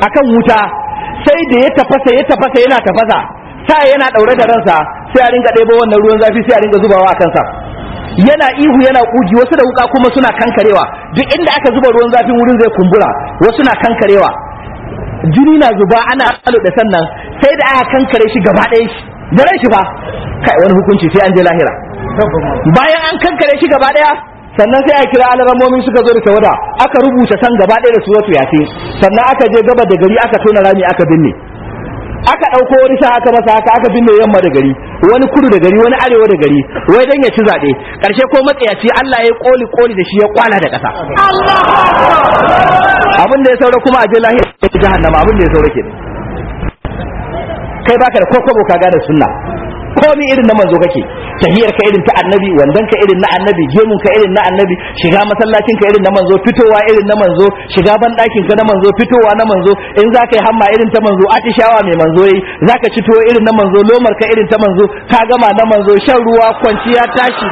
akan wuta sai da ya tafasa ya tafasa yana tafasa sai yana daure da ransa sai a ringa ɗebo wannan ruwan zafi sai a ringa zubawa a kansa yana ihu yana kugi wasu da wuka kuma suna kankarewa duk inda aka zuba ruwan zafin wurin zai kumbura wasu na kankarewa jini na zuba ana alu da sannan sai da aka kankare shi gaba ɗaya shi da shi ba, kai wani hukunci sai an je lahira bayan an kankare shi gaba ɗaya sannan sai a kira alaramomi suka zo da tawada aka rubuta san gaba ɗaya da suratu yasin sannan aka je gaba da gari aka tona rami aka binne aka ɗauko wani sa aka masa haka aka binne yamma da gari wani kudu da gari wani arewa da gari wai dan ya ci zaɓe ƙarshe ko matsayaci Allah ya koli koli da shi ya kwana da ƙasa abin da ya saura kuma a je lahiyar jahannama abin da ya saura ke kai baka da kokobo ka gane sunna komi irin na manzo kake tahiyar ka irin ta annabi wandan ka irin na annabi gemun ka irin na annabi shiga masallacin ka irin na manzo fitowa irin na manzo shiga ban ɗakin ka na manzo fitowa na manzo in za ka yi hamma irin ta manzo atishawa mai manzo za ka ci tuwo irin na manzo lomar ka irin ta manzo ka gama na manzo shan ruwa kwanciya tashi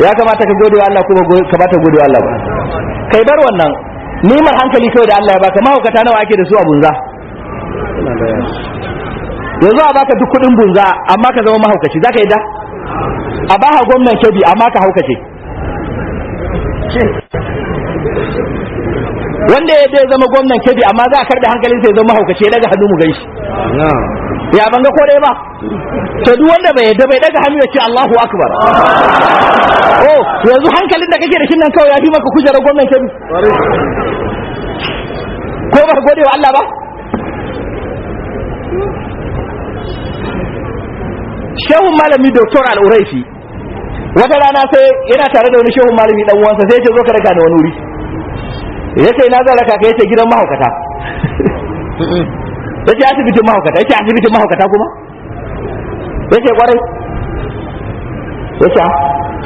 ya kamata ka gode wa Allah kuma ka bata gode wa Allah ba kai bar wannan neman hankali kawai da Allah ya baka mahaukata nawa ake da su a bunza yanzu a baka duk kudin bunza amma ka zama mahaukaci za ka yi da a ha gwamnan kebi amma ka haukace wanda ya dai zama gwamnan kebi amma za a karɗe hankalinsa ya zama mahaukaci ya daga hannu mu gan shi ya banga ko dai ba to duk wanda bai yadda bai daga hannu ya ce Allahu akbar *laughs* oh yanzu hankalin da kake da shi nan kawai ya fi maka kujerar gwamnan kebi ko ba gode wa Allah ba shehun malami doktor al'uraifi wata rana sai yana tare da wani shehun malami dan uwansa sai ya ce zo ka raka da wani wuri ya ce na zan raka ka ya ce gidan mahaukata *laughs* ya ce asibitin mahaukata ya ce asibitin mahaukata kuma ya ce kwarai ya ce ah,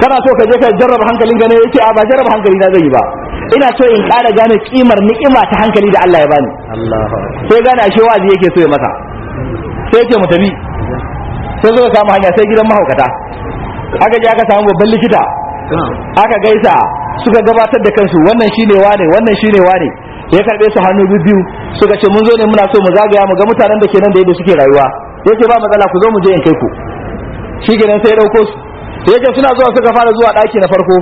kana so ka je ka jarraba hankalin gane ya ce a ah, ba jarraba hankali na zai yi ba ina so in kada gane kimar ni'ima ta hankali da Allah ya bani sai gane ashe wazi yake so ya masa sai ya ce mu tafi sai suka samu hanya sai gidan mahaukata aka je aka samu babban likita aka gaisa suka gabatar da kansu wannan shine wane wannan shine wane ya karbe su hannu biyu suka ce mun zo ne muna so mu zagaya mu ga mutanen da ke nan da yadda suke rayuwa yake ba matsala ku zo mu je in kai ku shi gidan sai dauko su yace suna zuwa suka fara zuwa daki na farko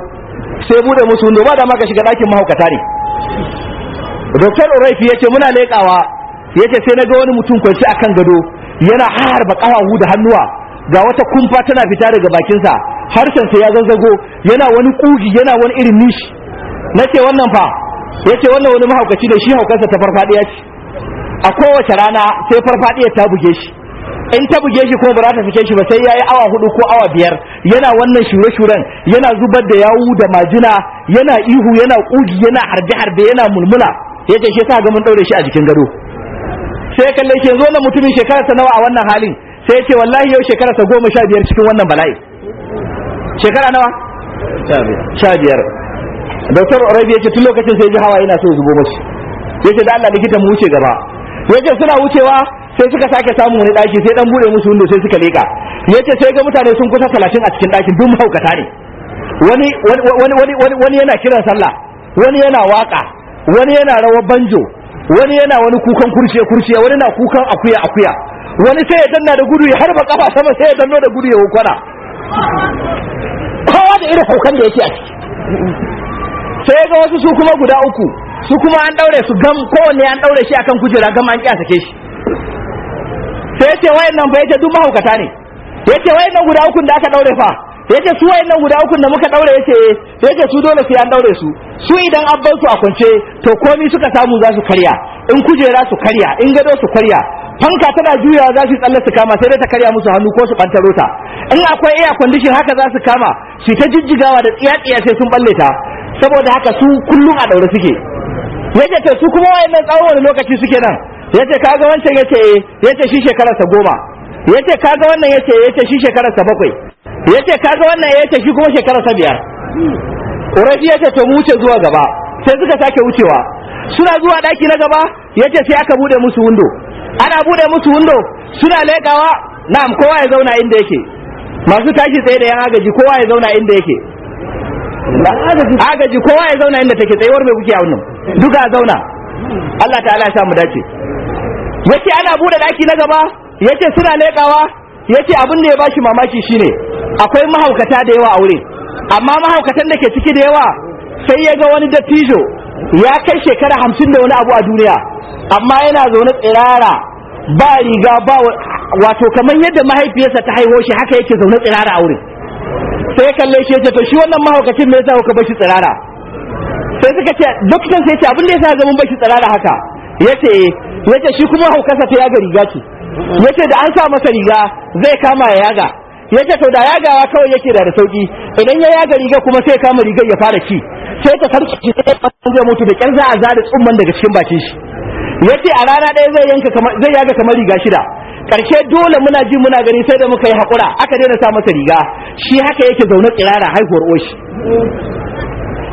sai bude musu wando ba da ma ka shiga dakin mahaukata ne Dr. ya ce muna lekawa ce sai na ga wani mutum kwanci kan gado yana harba kawawu da hannuwa ga wata kumfa tana fita daga bakinsa harshensa ya zazzago yana wani kugi yana wani irin nishi na ce wannan fa ya ce wannan wani mahaukaci da shi haukansa ta farfadiya ce a kowace rana sai farfadiya ta buge shi in ta buge shi ko ba za ta fike shi ba sai yayi awa hudu ko awa biyar yana wannan shure-shuren yana zubar da yawu da majina yana ihu yana ƙugi yana harbe-harbe yana mulmula yace shi sa ga mun daure shi a jikin gado sai kalle shi yanzu wannan mutumin shekara ta nawa a wannan halin sai ya ce wallahi yau shekara ta goma sha biyar cikin wannan bala'i shekara nawa sha biyar doktor rabi ya ce tun lokacin sai ji hawa yana so su zubo shi ya ce da allah likita mu wuce gaba ya ce suna wucewa sai suka sake samun wani daki sai dan bude musu windo sai suka leka ya ce sai ga mutane sun kusa talatin a cikin dakin duk mahaukata ne wani wani wani wani yana kiran sallah wani yana waka wani yana rawar banjo wani yana wani kukan kurciya kurciya wani na kukan akuya akuya wani sai ya danna da gudu ya harba kafa sama sai ya danno da gudu ya hukwana kowa da irin haukan da yake a ciki sai ga wasu su kuma guda uku su kuma an daure su gam kowanne an daure shi akan kujera gam an kiyasa ke shi sai ya ce wayan nan bai ta duk mahaukata ne ya ce wayan nan guda uku da aka daure fa yace su wayannan guda uku da muka daure yace yace su dole sai an daure su su idan an bar su a kwance to komai suka samu za su karya in kujera su karya in gado su karya fanka tana juyawa za su tsalle su kama sai dai ta karya musu hannu ko su bantaro ta in akwai air condition haka za su kama su ta jijjigawa da tsiya-tsiya sai sun balle ta saboda haka su kullum a daure suke yace to su kuma wayannan tsawon wani lokaci suke nan yace kaga wancan yace yace shi shekararsa goma yace kaga wannan yace yace shi shekararsa bakwai ya ce kaga wannan ya ce shi kuma shekara ta biyar ƙorafi ya ce to mu wuce zuwa gaba sai suka sake wucewa suna zuwa ɗaki na gaba ya ce sai aka bude musu wundo ana bude musu wundo suna leƙawa na'am kowa ya zauna inda yake masu tashi tsaye da yan agaji kowa ya zauna inda yake agaji kowa ya zauna inda take tsayuwar mai kuke a wannan duka zauna Allah ta'ala ya samu dace yace ana bude daki na gaba yace suna leƙawa yace abin da ya bashi mamaki shine akwai mahaukata da yawa a wuri amma mahaukatan da ke ciki da yawa sai ya ga wani dattijo ya kai shekara hamsin da wani abu a duniya amma yana zaune tsirara ba riga ba wato kamar yadda mahaifiyarsa ta haihuwa shi haka yake zaune tsirara a wuri sai ya kalle shi ya ce to shi wannan mahaukacin me yasa kuka bashi tsirara sai suka ce dukkan sai ya ce abin da yasa ga mun bashi tsirara haka yace eh. yace shi kuma haukarsa ta yaga riga ce yace da an sa masa riga zai kama ya yaga yace to da yagawa kawai yake da da sauki idan ya yaga riga kuma sai kama rigar ya fara ci sai ta sarki zai mutu da kyar za a zare tsumman daga cikin bakin shi yace a rana ɗaya zai yanka zai yaga kamar riga shida karshe dole muna ji muna gani sai da muka yi haƙura aka daina sa masa riga shi haka yake zaune tsirara haihuwar oshi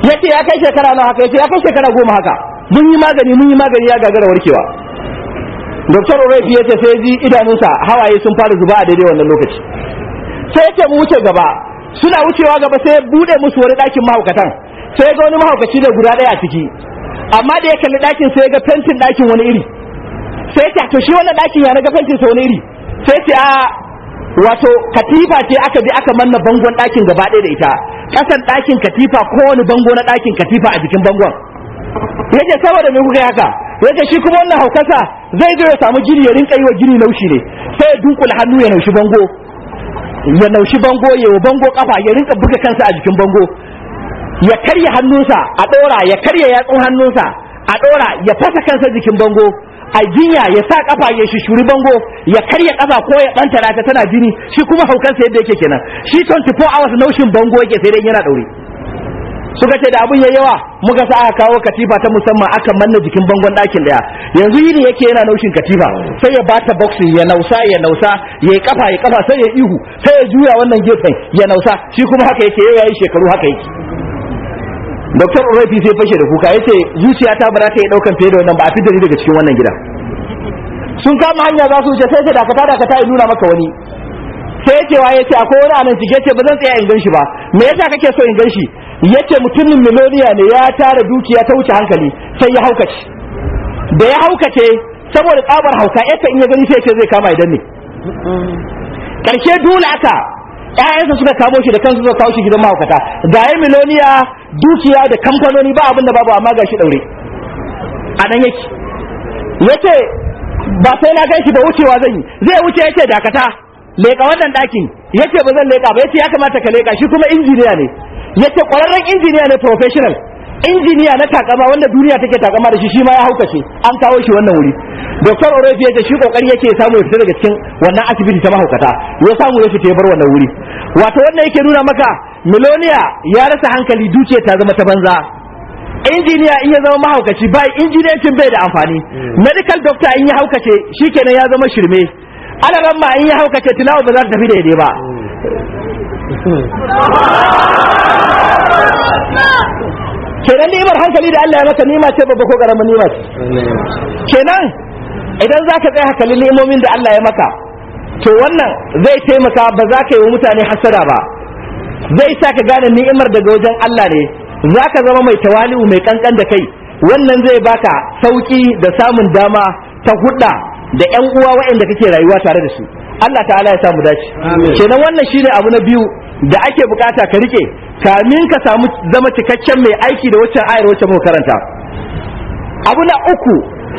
yace ya kai shekara na haka yace ya kai shekara goma haka mun yi magani mun yi magani ya gagara warkewa doktor Orai ya ce sai ji idanunsa hawaye sun fara zuba a daidai wannan lokaci sai ya ce mu wuce gaba suna wucewa gaba sai ya bude musu wani ɗakin mahaukatan sai ya ga wani mahaukaci da guda ɗaya a ciki amma da ya kalli ɗakin sai ya ga fentin ɗakin wani iri sai ya ce to shi wannan ɗakin ya na ga fentin sa wani iri sai ya ce a wato katifa ce aka bi aka manna bangon ɗakin gaba ɗaya da ita kasan ɗakin katifa kowane bango na dakin katifa a jikin bangon yake saboda me kuka haka yake shi kuma wannan haukasa zai zo ya samu jini ya rinka yi wa gini naushi ne sai ya dunkula hannu ya naushi bango ya naushi bango ya wa bango kafa ya rinka buga kansa a jikin bango ya karya hannunsa a dora ya karya yatsun hannunsa a dora ya fasa kansa jikin bango a jinya ya sa kafa ya shishuri bango ya karya kafa ko ya ɓanta ta tana jini shi kuma haukansa yadda yake kenan shi 24 hours naushin bango yake sai dai yana ɗaure suka ce da abin ya yawa muka sa aka kawo katifa ta musamman aka manna jikin bangon ɗakin daya yanzu yini yake yana naushin katifa sai ya bata boxing ya nausa ya nausa ya yi kafa ya kafa sai ya ihu sai ya juya wannan gefen ya nausa shi kuma haka yake yau yayi shekaru haka yake Dr. Urafi sai fashe da kuka yace zuciya ta bara ta yi daukan fiye da wannan ba a fi dari daga cikin wannan gida sun kama hanya za su wuce sai ta dakata dakata ya nuna maka wani sai ya ce wa ya ce akwai wani anan cike ce ba zan tsaya in gan shi ba me yasa kake so in gan shi Yace mutumin miloniya ne ya tara dukiya ta wuce hankali sai ya haukace da ya haukace saboda tsabar hauka yadda in ya gani sai ce zai kama idan ne karshe dole aka ƴaƴansa suka kamo shi da kansu suka kawo shi gidan mahaukata ga ya miloniya dukiya da kamfanoni ba abin babu amma ga shi daure a nan yake yace ba sai na gan shi da wucewa zan yi zai wuce yace dakata leƙa wannan ɗakin yace ba zan leƙa ba yace ya kamata ka leƙa shi kuma injiniya ne ce kwararren injiniya ne professional injiniya na takama wanda duniya take takama da shi shi ma ya haukace an kawo shi wannan wuri doktor orofi ya ce shi kokari yake samu ya fita daga cikin wannan asibiti ta mahaukata ya samu ya fita ya bar wannan wuri wato wannan yake nuna maka miloniya ya rasa hankali duce ta zama ta banza injiniya in ya zama mahaukaci ba injiniyancin bai da amfani hmm. medical doctor in ya haukace kenan ya zama shirme alaran ma in ya haukace tilawa ba za ta tafi daidai ba hmm. *laughs* kenan ni'imar hankali da Allah ya maka ni'ima ce babba ko karamin ni'ima ce kenan idan za ka tsaya hankali ni'imomin da Allah ya maka to wannan zai taimaka ba za ka yi wa mutane hasada ba zai sa ka gane ni'imar daga wajen Allah ne za ka zama mai tawali'u mai kankan da kai wannan zai baka sauki da samun dama ta hudda da yan uwa waɗanda kake rayuwa tare da su Allah ta'ala ya samu dace kenan wannan shine abu na biyu da ake bukata ka rike kamin ka samu zama cikakken mai aiki da waccan ayar wacce muka karanta abu na uku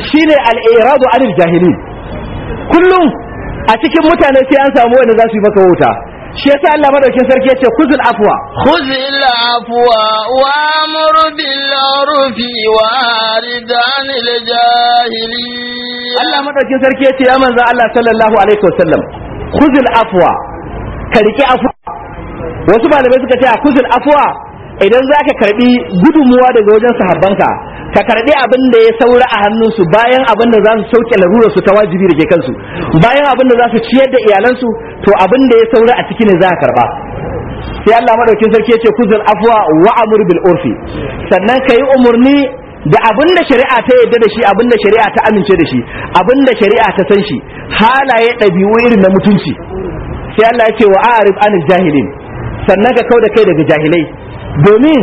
shine al-iradu anil jahilin kullum a cikin mutane sai an samu wanda za su yi maka wuta shi yasa Allah madaukin sarki yace khuzul afwa khuzul afwa wa amur bil urfi wa aridan lil jahilin Allah madaukin sarki yace ya manzo Allah sallallahu alaihi wasallam khuzul afwa ka rike afwa wasu malamai suka ce a kusur afuwa idan za ka karbi gudunmuwa daga wajen sahabbanka ka karbi abin da ya saura a hannunsu bayan abin da za su sauke larurarsu ta wajibi da ke kansu bayan abin da za su ciyar da iyalansu to abin da ya saura a ciki ne za ka karba sai Allah madaukin sarki yace kuzul afwa wa amur bil urfi sannan kai umurni da abin da shari'a ta yadda da shi abin da shari'a ta amince da shi abin da shari'a ta san shi halaye ɗabi'u irin na mutunci sai Allah ya yace wa a'rif anil jahilin sannan ka kauda kai daga jahilai domin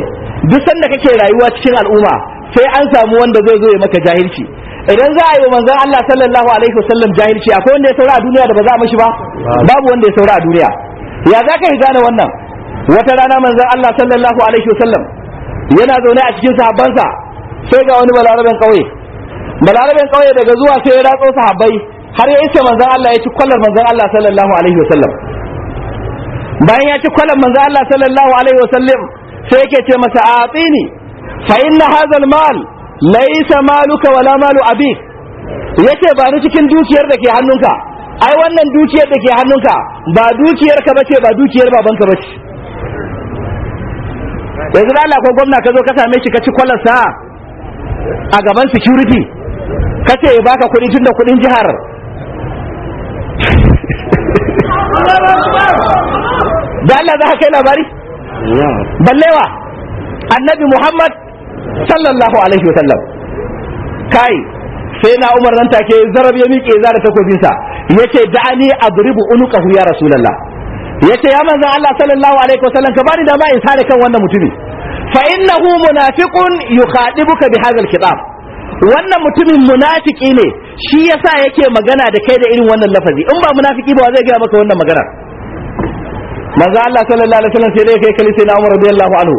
duk sanda kake rayuwa cikin al'umma sai an samu wanda zai zo ya maka jahilci idan za a yi wa manzon Allah sallallahu alaihi wasallam jahilci akwai wanda ya saura a duniya da ba za a mashi ba babu wanda ya saura a duniya ya za ka yi gane wannan wata rana manzon Allah sallallahu alaihi wasallam yana zaune a cikin sahabbansa sai ga wani balarabin kauye balarabin kauye daga zuwa sai ya ratso sahabbai har ya isa manzon Allah ya ci kwallar manzon Allah sallallahu alaihi wasallam bayan ya ci kwalan manzo Allah sallallahu alaihi wasallam sai yake ce masa atini fa inna hadha mal laysa maluka wala malu abi yace ba ni cikin dukiyar da ke hannunka ai wannan dukiyar da ke hannunka ba dukiyar ka bace ba dukiyar babanka bace yanzu da Allah ko gwamna ka zo ka same shi ka ci kwalarsa a gaban security ka ce ya baka kuɗi tun da kuɗin jihar *laughs* da Allah za ka kai labari ballewa annabi Muhammad sallallahu alaihi wa sallam kai sai na Umar nan take zarab ya miƙe za zara takobinsa yace da'ani adribu unuqahu ya rasulullah yace ya manzon Allah sallallahu alaihi wa sallam ka bani dama in sare kan wannan mutumi fa innahu munafiqun yukhadibuka bi hadha al wannan mutumin munafiki ne shi yasa yake magana da kai da irin wannan lafazi in ba munafiki ba zai gaya maka wannan magana manzo Allah sallallahu alaihi wasallam sai dai kai kalisi na Umar radiyallahu anhu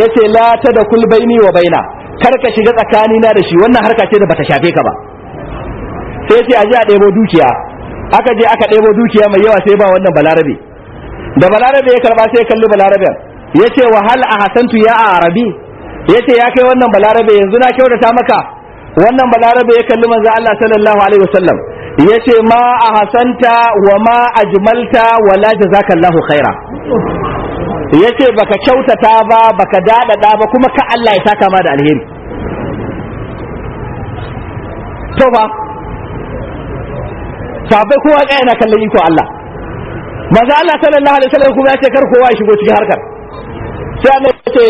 yace la tadkul baini wa baina kar ka shiga tsakani na da shi wannan harka ce da bata shafe ka ba sai yace aje a debo dukiya aka je aka debo dukiya mai yawa sai ba wannan balarabe da balarabe ya karba sai kalli balarabe yace wa hal ahsantu ya arabi yace ya kai wannan balarabe yanzu na kyautata maka wannan balarabe ya kalli manzo Allah sallallahu alaihi wasallam yace ma a wa ma ajmalta wa la jazakallahu khaira yace baka kyautata ba baka daɗaɗa ba kuma ka Allah ya saka ma da alheri to ba sabai kowa ga yana kallon iko Allah manzo Allah sallallahu alaihi wasallam kuma yace kar kowa ya shigo cikin harkar sai annabi yace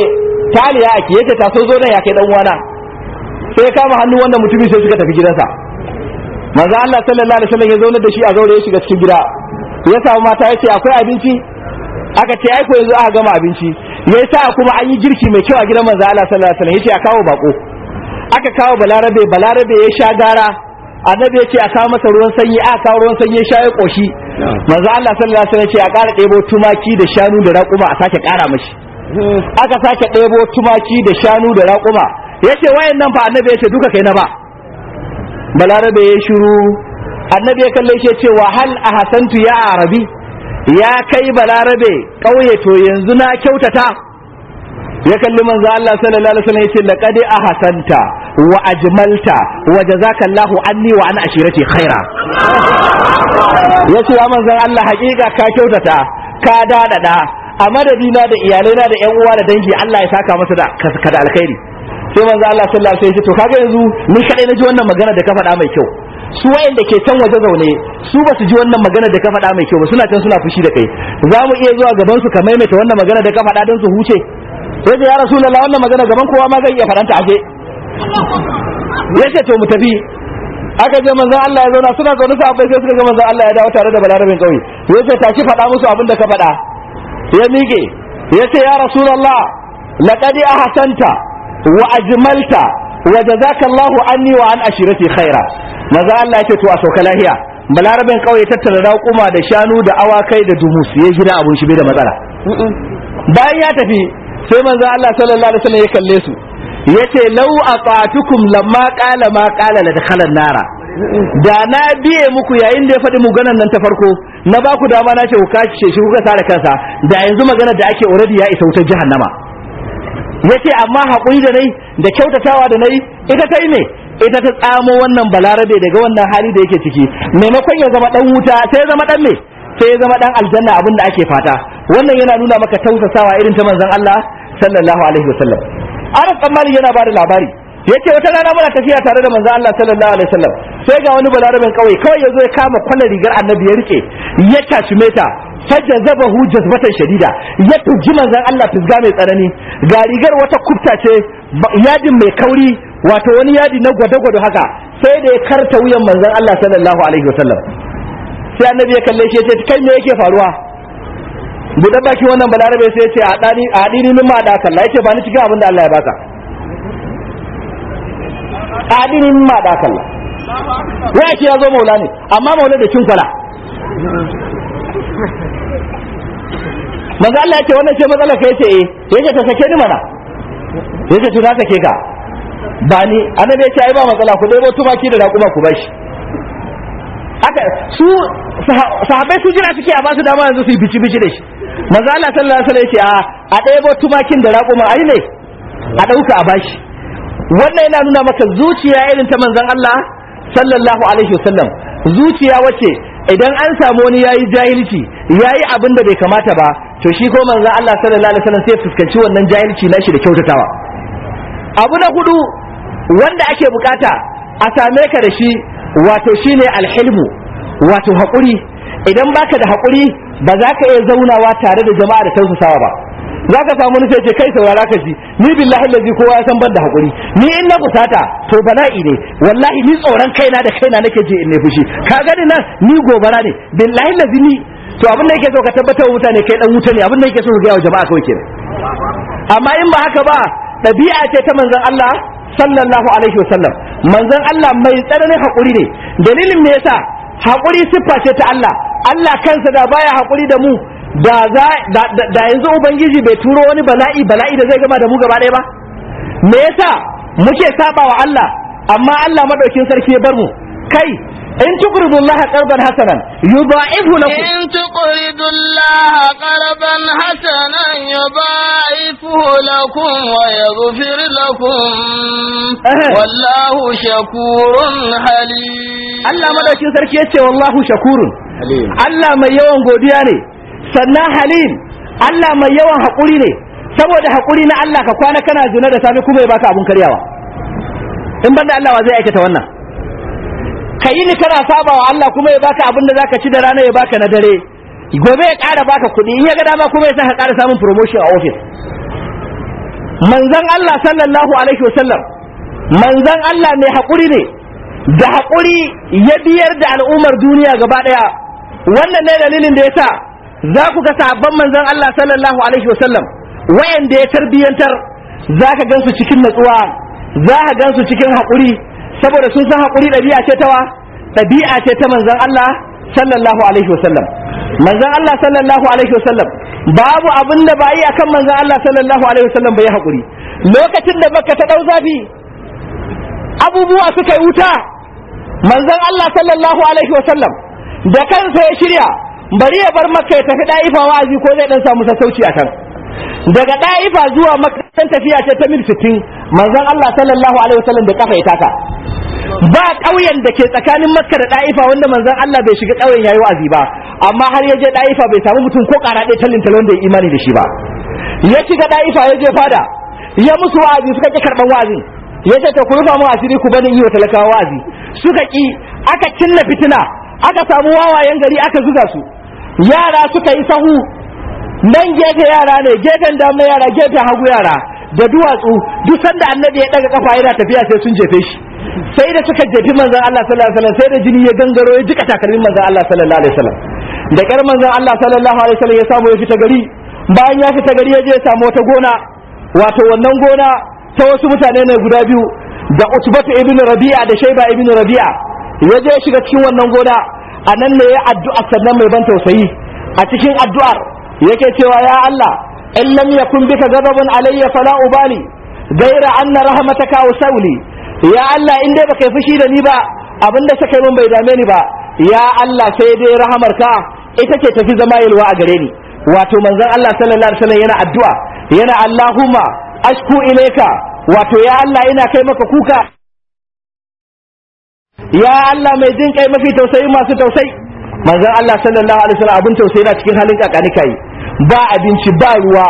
taliya ake yace ta so zo nan ya kai dan uwana sai ya kama hannun wannan mutumin sai suka tafi gidansa manzo Allah sallallahu alaihi wasallam ya zauna da shi a zaure ya shiga cikin gida ya samu mata ya ce akwai abinci aka ce ai ko yanzu aka gama abinci ya sa kuma an yi girki mai kyau a gidan manzo Allah sallallahu alaihi wasallam ya ce a kawo bako aka kawo balarabe balarabe ya sha gara annabi yace a kawo masa ruwan sanyi a kawo ruwan sanyi ya sha ya koshi manzo Allah sallallahu alaihi wasallam yace ce a ƙara ɗebo tumaki da shanu da raƙuma a sake ƙara mashi hmm. aka sake ɗebo tumaki da shanu da raƙuma ya yace nan fa annabi ce duka kai na ba balarabe ya shiru annabi ya kalle shi ce wa hal ahsantu ya arabi ya kai balarabe kauye to yanzu na kyautata ya kalli manzo Allah sallallahu alaihi wasallam ce laqad ahsanta wa ajmalta wa jazakallahu anni wa an ashirati khaira yace ya manzo Allah hakika ka kyautata ka dadada a madadina da iyalaina da yan uwa da dangi Allah ya saka masa da alkhairi sai manzo Allah sallallahu alaihi wasallam ce to kaga yanzu mun kadai na ji wannan magana da ka faɗa mai kyau su wayanda ke can waje zaune su ba su ji wannan magana da ka faɗa mai kyau ba suna can suna fushi da kai za mu iya zuwa gaban su ka maimaita wannan magana da ka faɗa don su huce sai da ya rasulullah wannan magana gaban kowa ma zai iya faranta aje yace to mu tafi aka je manzo Allah ya zauna suna zaune su sahabbai sai suka ga manzo Allah ya dawo tare da balarabin kauye yace tashi faɗa musu abin da ka faɗa ya mike yace ya rasulullah laqad ahsanta wa ajmalta wa jazakallahu anni wa an ashirati khaira maza Allah yake to a sauka lahiya balarabin kauye tattara raƙuma da shanu da awakai da dumus ya gina abun shi bai da matsala bayan ya tafi sai manzo Allah sallallahu alaihi wasallam ya kalle su yace law atatukum lamma qala ma qala la dakhalan nara da na biye muku yayin da ya faɗi maganar nan ta farko na ba ku dama na ce ku kace shi ga sare kansa da yanzu maganar da ake already ya isa wutar jahannama yace amma haƙuri da nai da kyautatawa da nayi ita ta yi ne ita ta tsamo wannan balarabe daga wannan hali da yake ciki maimakon ya zama dan wuta sai ya zama dan me sai ya zama dan aljanna abin da ake fata wannan yana nuna maka tausasawa irin ta manzon Allah sallallahu alaihi wasallam Anas dan Malik yana da labari yace wata rana mana tafiya tare da manzo Allah sallallahu alaihi wasallam sai ga wani balarabin kawai kawai yazo ya kama kwana rigar annabi ya rike ya tashi meta fajja zabahu jazbatan shadida ya tuji manzo Allah fisga mai tsanani ga rigar wata kufta ce yadin mai kauri wato wani yadi na gwado-gwado haka sai da ya karta wuyan manzo Allah sallallahu alaihi wasallam sai annabi ya kalle shi ya ce kai me yake faruwa buɗe baki wannan balarabe sai ya ce a a dini min ma da kalla ya ce ba ni cikin abin da Allah ya baka qadirin ma da kalla wai ki yazo maula ne amma maula da kin sala manzo Allah yake wannan ce matsalar kai ce eh yake ta sake ni mana yace to na ke ka ba ni annabi ce ai ba matsala ku dai tumaki da raƙuma ku bashi aka su sahabbai su jira suke a basu dama yanzu su yi bici bici da shi manzo Allah sallallahu alaihi wasallam yake ah, a a dai tumakin da raƙuma ai ne a dauka a bashi wannan yana nuna maka zuciya irin ta manzon Allah sallallahu alaihi wasallam zuciya wace idan an samu wani yayi jahilci yayi abin da bai kamata ba to shi ko manzon Allah sallallahu alaihi wasallam sai fuskanci wannan jahilci nashi da kyautatawa abu na hudu wanda ake bukata a same ka da shi wato shine alhilmu wato hakuri idan baka da hakuri ba za ka iya zaunawa tare da jama'a da tausasawa ba za ka samu nufi ce kai saurara ka ji ni billahi lazi kowa ya san ban da hakuri ni in na kusata to bala'i ne wallahi ni tsoron kaina da kaina nake je in ne fushi ka gani na ni gobara ne billahi lazi ni to abin da yake so ka tabbatar wa mutane kai dan wuta ne abin da yake so ga yawa jama'a kawai kenan amma in ba haka ba dabi'a ce ta manzon Allah sallallahu alaihi wasallam manzon Allah mai tsananin hakuri ne dalilin me yasa hakuri siffa ce ta Allah Allah kansa da baya hakuri da mu da da yanzu ubangiji bai turo wani bala'i bala'i da zai gama da mu gaba ɗaya ba me yasa muke saba wa Allah amma Allah madaukin sarki ya bar mu kai in tuqridu Allah qarban hasanan yudha'ifu lakum in tuqridu Allah qarban hasanan yudha'ifu lakum wa yaghfir lakum wallahu shakurun halim Allah madaukin sarki yace wallahu shakurun Allah mai yawan godiya ne sannan halim Allah mai yawan haƙuri ne saboda haƙuri na Allah ka kwana kana zina da safe kuma ya baka abun karyawa in banda Allah wa zai aikata wannan ka yi ni kana saba wa Allah kuma ya baka abin da zaka ci da rana ya baka na dare gobe ya ƙara baka kuɗi in ya ga dama kuma ya sa ka ƙara samun promotion a ofis manzon Allah sallallahu alaihi wasallam manzon Allah mai haƙuri ne da haƙuri ya biyar da al'ummar duniya gaba ɗaya wannan ne dalilin da ya sa za ku ga sahabban manzon Allah sallallahu alaihi wasallam wayanda ya tarbiyantar za ka gansu cikin natsuwa za ka gansu cikin haƙuri saboda sun san haƙuri ɗabi'a ce tawa ɗabi'a ce ta manzon Allah sallallahu alaihi wasallam manzon Allah sallallahu alaihi wasallam babu abin da bai akan manzon Allah sallallahu alaihi wasallam bai haƙuri lokacin da bakka ta dau zafi abubuwa suka yi wuta manzon Allah sallallahu alaihi wasallam da kansa ya shirya bari ya bar makka ya tafi da'ifa wa'azi ko zai dan samu sassauci a kan daga da'ifa zuwa makka san tafiya ce ta mil 60 manzon Allah sallallahu alaihi wasallam da kafa ya taka ba ƙauyen da ke tsakanin makka da da'ifa wanda manzon Allah bai shiga kauyen yayi wa'azi ba amma har ya je da'ifa bai samu mutum ko kara ɗaya tallin talon da ya imani da shi ba ya shiga da'ifa ya je fada ya musu wa'azi suka ƙi karɓan wa'azin ya ce to ku rufa mu asiri ku bani yi wa talakawa wa'azi suka ki aka cinna fitina aka samu wawayen gari aka zuga su yara suka yi sahu nan gefe yara ne gefen dama yara gefen hagu yara da duwatsu duk sanda annabi ya daga kafa yana tafiya sai sun jefe shi sai da suka jefi manzon Allah sallallahu alaihi wasallam sai da jini ya gangaro ya jika takalmin manzon Allah sallallahu alaihi wasallam da kar manzon Allah sallallahu alaihi wasallam ya samu ya fita gari bayan ya fita gari ya je ya samu wata gona wato wannan gona ta wasu mutane ne guda biyu da Utbatu ibn Rabi'a da Shayba ibn Rabi'a ya je shiga cikin wannan gona a nan ne ya addu'a sannan mai ban tausayi a cikin addu'ar yake cewa ya Allah in lam yakun bika ghadabun alayya fala ubali gaira anna rahmataka usawli ya Allah in dai baka fushi da ni ba abinda suka yi min bai dame ni ba ya Allah sai dai rahamarka ita ce tafi zama yalwa a gare ni wato manzon Allah sallallahu alaihi wasallam yana addu'a yana Allahumma ashku ilayka wato ya Allah ina kai maka kuka ya Allah mai jin kai mafi tausayi masu tausayi manzon Allah sallallahu alaihi wasallam abin tausayi na cikin halin kakani kai ba abinci ba ruwa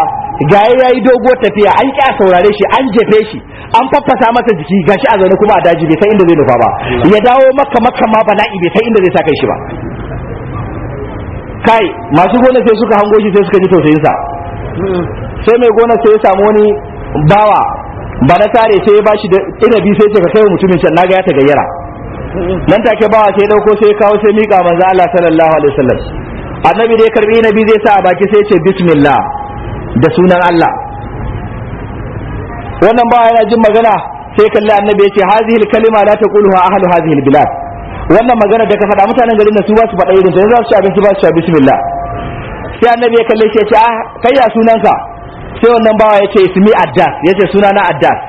ga yayi dogo tafiya an kya saurare shi an jefe shi an fafasa masa jiki gashi a zaune kuma a daji bai san inda zai nufa ba ya dawo makka makka ma bala'i bai san inda zai sa kai shi ba kai masu gona sai suka hango shi sai suka ji tausayinsa sai mai gona sai ya samu wani bawa Bana na tare sai ya bashi da inabi sai ce ka kai mutumin can naga ya ta gayyara. nan take bawa sai dauko sai kawo sai mika manzo Allah sallallahu alaihi wasallam annabi dai karbi nabi zai sa a baki sai ce bismillah da sunan Allah wannan ba yana jin magana sai kalli annabi yace ce kalima la taquluha ahlu hazihi bilad wannan magana da ka faɗa mutanen garin nan su ba su faɗa irin ta za su ci abinci ba su ci bismillah sai annabi ya kalle shi ya ce ah kai ya sunansa sai wannan bawa ya ce ismi addas ya ce sunana addas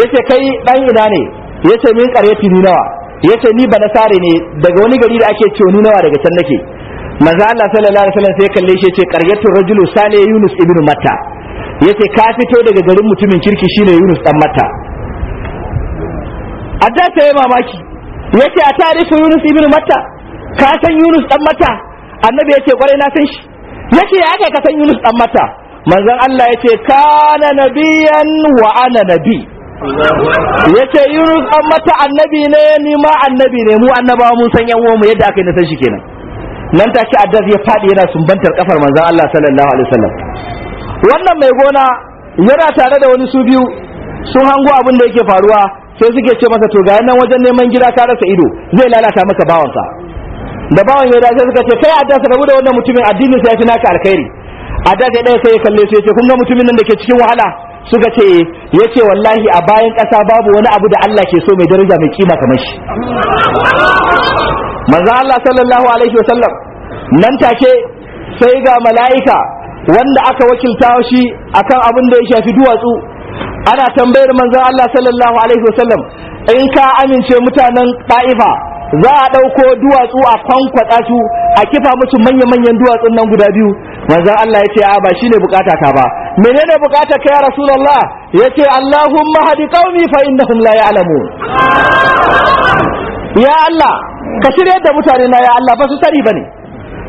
ya ce kai dan ina ne Ya ce min qaryati nunawa Ya ce ni ba sare ne daga wani gari da ake ce nunawa daga can nake manzo Allah sallallahu alaihi wasallam sai kalle shi yace qaryatu rajulu sane yunus ibn matta yace ka fito daga garin mutumin kirki shine yunus dan matta adda ta yi mamaki yace a tarihi yunus ibn matta ka san yunus dan matta annabi ce kwarai na san shi yace ya kai ka san yunus dan matta manzon Allah yace kana nabiyan wa ana nabi yace Yunus an mata annabi ne ni ma annabi ne mu annaba mun san yan mu yadda aka yi na san shi kenan nan take addaz ya faɗi yana sumbantar kafar manzon Allah sallallahu alaihi wasallam wannan mai gona yana tare da wani su biyu sun hango abin da yake faruwa sai suke ce masa to ga nan wajen neman gida ka rasa ido zai lalata maka bawansa da bawan ya dace suka ce kai addaz rabu da wannan mutumin addinin ya yafi naka alkhairi addaz ya ɗaya sai ya kalle su ya ce kun ga mutumin nan da ke cikin wahala suka ce ya ce wallahi a bayan ƙasa babu wani abu da Allah ke so mai daraja mai kima kamar shi manzo Allah sallallahu alaihi wasallam nan take sai ga mala'ika wanda aka wakilta shi akan abin da ya shafi duwatsu ana tambayar manzo Allah sallallahu alaihi wasallam in ka amince mutanen ɗa'ifa za a ɗauko duwatsu a kwankwatsa su a kifa musu manya-manyan duwatsun nan guda biyu manzon Allah ya ce a ba shine bukata ta ba menene bukata ka ya rasulullah ya ce Allahumma hadi qaumi fa innahum la alamu. ya Allah ka shirye da mutane na ya Allah ba su sani bane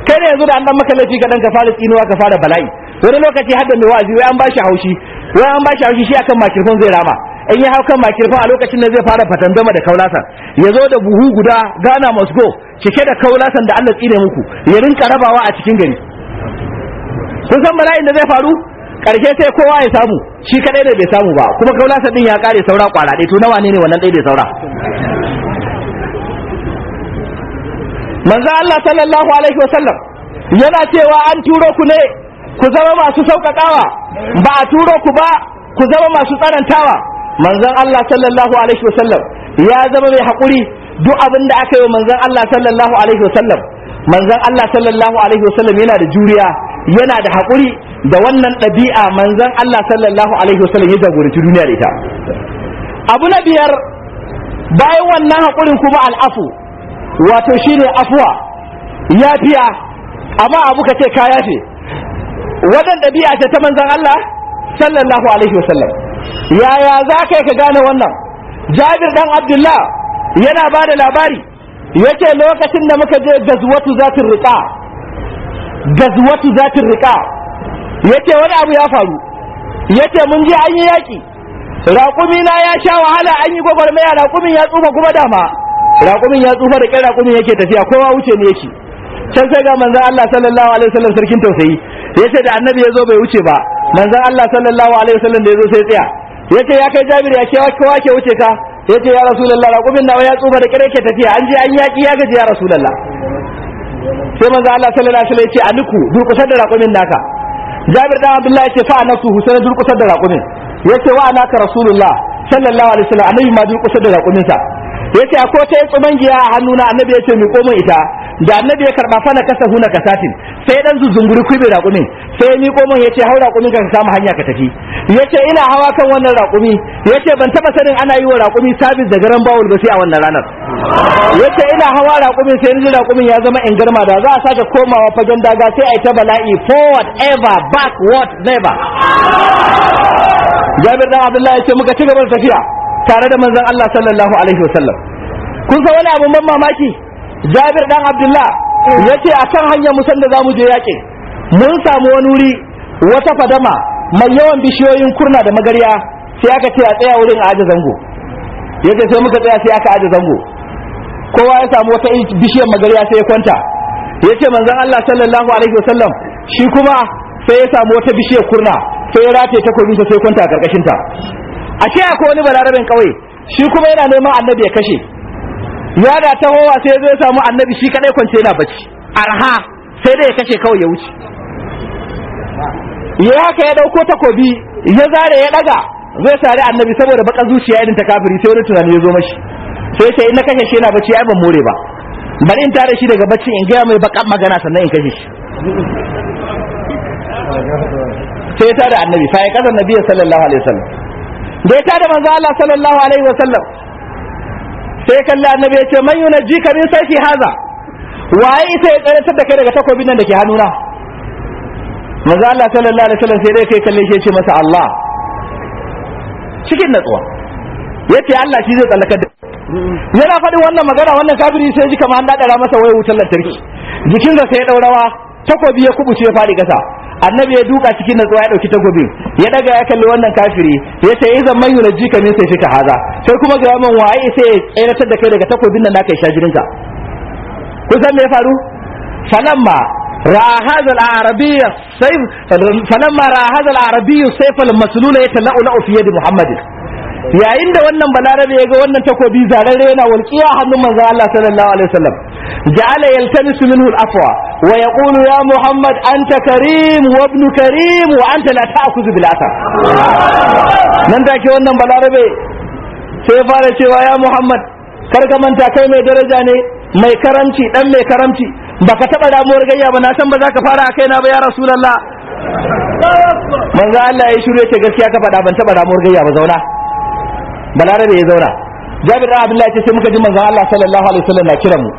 kai ne yanzu da an dan maka laifi ka dan ka fara tsinuwa ka fara bala'i wani lokaci har da mai wa'azi wai an bashi haushi wai an shi haushi shi akan makirfon zai rama in ya haukan makirfa a lokacin da zai fara fatandama da kaulasan ya zo da buhu guda gana masu go cike da kaulasan da Allah tsire muku ya rinka rabawa a cikin gari kun san bala'in da zai faru karshe sai kowa ya samu shi kadai da bai samu ba kuma kaulasan din ya kare saura kwara dai to nawa ne ne wannan dai da saura manzo Allah sallallahu alaihi wasallam yana cewa an turo ku ne ku zama masu sauƙaƙawa ba a turo ku ba ku zama masu tsarantawa manzon Allah sallallahu alaihi wasallam ya zama mai haƙuri duk abin da aka yi wa manzon Allah sallallahu alaihi wasallam manzon Allah sallallahu alaihi wasallam yana da juriya yana da haƙuri da wannan ɗabi'a manzon Allah sallallahu alaihi wasallam ya jagoranci duniya da ita abu na biyar bayan wannan hakurin kuma al'afu wato shine afuwa fiya amma abu ka ce ka yafe wannan ɗabi'a ce ta manzon Allah sallallahu alaihi wasallam yaya za ka ka gane wannan jabir dan abdullah yana ba da labari yake lokacin da muka je gazuwatu zatin riƙa gazuwatu zatin riƙa yake wani abu ya faru yake mun je an yi yaƙi raƙumi na ya sha wahala an yi gwagwarmaya raƙumin ya tsufa kuma dama raƙumin ya tsufa da ƙin raƙumin yake tafiya kowa wuce ne yake can sai ga manzon Allah sallallahu alaihi wasallam sarkin tausayi ya ce da annabi ya zo bai wuce ba manzon Allah sallallahu alaihi wasallam da yazo sai tsaya yace ya kai Jabir ya kewa kewa ke wuce ka yace ya rasulullah raqubin nawa ya tsufa da kare ke tafiya an je an yaki ya gaji ya rasulullah sai manzo Allah sallallahu alaihi wasallam yace aliku durkusar da raqumin naka Jabir da Abdullah yace fa anasu Husayn durkusar da raqumin yace wa anaka rasulullah sallallahu alaihi wasallam annabi ma durkusar da raqumin sa yace akwai wata ya tsuman giya a hannuna annabi ya ce mi komai ita da annabi ya karba fana na kasa huna kasatin sai dan zuzunguri da raƙumin sai ya komo min yace hau raƙumin ka samu hanya ka tafi yace ina hawa kan wannan raƙumi yace ban taba sanin ana yi wa raƙumi sabis da garan bawul ba sai a wannan ranar yace ina hawa raƙumin sai ni raƙumin ya zama in garma da za a sake komawa fagen daga sai a yi ta bala'i forward ever backward never Jabir dan Abdullahi yace muka ci gaba da tafiya tare da manzon Allah sallallahu alaihi wasallam kun san wani abu ban mamaki Jabir dan Abdullah yace kan hanyar musan da zamu je yaƙi mun samu wani wuri wata fadama mai yawan bishiyoyin kurna da magarya sai aka ce a tsaya wurin aje zango yace sai muka tsaya sai aka aje zango kowa ya samu wata bishiyar magarya sai ya kwanta yace manzon Allah sallallahu alaihi wasallam shi kuma sai ya samu wata bishiyar kurna sai ya rataye ta sai kwanta a karkashin ta a ce akwai wani balarabin kawai shi kuma yana neman annabi ya kashe ya da hawa sai zai samu annabi shi kadai kwance yana bacci arha sai dai ya kashe kawai ya wuce ya haka ya dauko takobi ya zare ya daga zai sare annabi saboda baka zuciya irin ta kafiri sai wani tunani ya zo mashi sai sai in na kashe shi yana bacci ai ban more ba bari in tare shi daga bacci in gaya mai bakan magana sannan in kashe shi sai ya tare annabi fa ya kasa sallallahu alaihi wasallam da ya da manzo Allah sallallahu alaihi wasallam sai kalli annabi ya ce man ka min sarki haza waye ita ya tsaratar da kai daga takobin nan da ke hannuna manzo Allah sallallahu alaihi wasallam sai dai kai kalle shi ya ce masa Allah cikin natsuwa yace Allah shi zai tsallakar da yana faɗin wannan magana wannan kafiri sai ji kamar an dadara masa wayar wutar lantarki jikin sa sai ya daurawa takobi ya kubuce ya fadi kasa annabi ya duka cikin natsuwa ya dauki takobin ya daga ya kalli wannan kafiri ya ce izan man ka min ka haza sai kuma ga wa waye sai ya tsayar da kai daga takobin nan naka ya sha jirinka ku san me ya faru falamma rahaz al arabiyya sayf falamma rahaz al-arabiy sayf al-maslula yatala'u fi yadi muhammadin yayin da wannan balarabe ya ga wannan takobi zararre yana walƙiya hannun manzon Allah sallallahu alaihi wasallam ja'ala yaltamisu minhu al-afwa wa yaqulu ya muhammad anta karim wa ibn karim wa anta la ta'khudhu bil asar nan take wannan balarabe sai ya fara cewa ya muhammad kar ka manta kai mai daraja ne mai karamci dan mai karamci baka taba damuwar gayya ba na san ba za ka fara a na ba ya rasulullah manzo Allah ya shirye ce gaskiya ka faɗa ban taba damuwar gayya ba zauna balarabe ya zauna jabir da abdullahi ce sai muka ji manzon Allah sallallahu alaihi wasallam na kiran mu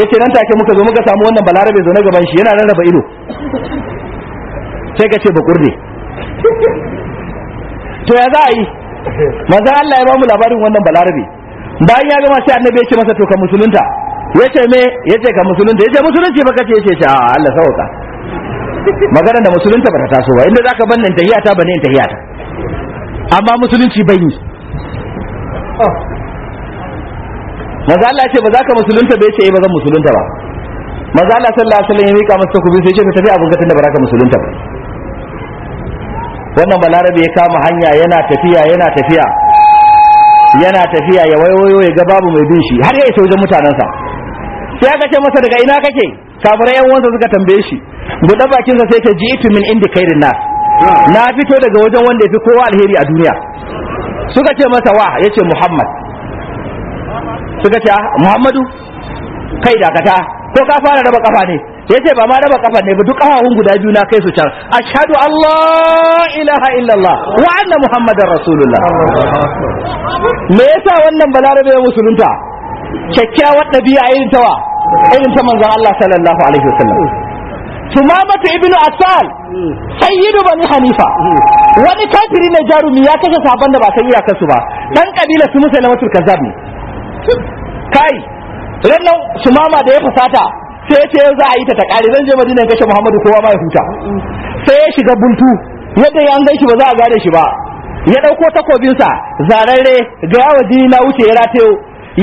yace nan take muka zo muka samu wannan balarabe zo gaban shi yana rarraba ido sai ka ce bakur ne to ya za a yi manzon Allah ya ba mu labarin wannan balarabe bayan ya gama sai annabi ya ce masa to ka musulunta yace me yace ka musulunta yace musulunci baka ce yace a Allah sauka magana da musulunta ba ta taso ba inda zaka bannin tahiyata bannin tahiyata amma musulunci bai yi maza Allah ce ba za ka musulunta bai ce yi eh, ba zan musulunta ba maza Allah sallallahu alaihi wasallam ya mika masa takobi sai ce ka tafi abin gatan da ba za ka musulunta ba wannan balarabe ya kama hanya yana tafiya yana tafiya yana tafiya ya wayoyo ya ga babu mai bin shi har ya isa wajen mutanensa sai aka ce masa daga ina kake kafirai yan uwansa suka tambaye shi buɗe bakinsa sai ta ji min indi kairin nas hmm. na fito daga wajen wanda ya fi kowa alheri a duniya suka ce masa wa ya ce muhammad suka ce ah, muhammadu kai dakata ko ka fara raba kafa ne ya ce ba ma raba kafa ne ba duk kafafun guda biyu na kai su can ashadu allah ilaha illallah wa anna muhammadar rasulullah me yasa wannan balarabe ya musulunta kyakkyawar a irin tawa irin ta manzon Allah sallallahu alaihi wasallam tumamatu ibnu asal hmm. sayyidu bani hanifa hmm. wani kafiri ne jarumi ya kashe sabon da ba san iyakarsu ba dan kabila su musa na kazzab ne kai rannan sumama da ya fasata sai ya ce za a yi ta ta kare zan je madina in kashe muhammadu kowa ma ya huta hmm. sai ya shiga buntu yadda ya an gan ba za a gane shi ba ya ɗauko takobinsa zararre ga yawa na wuce ya ratayo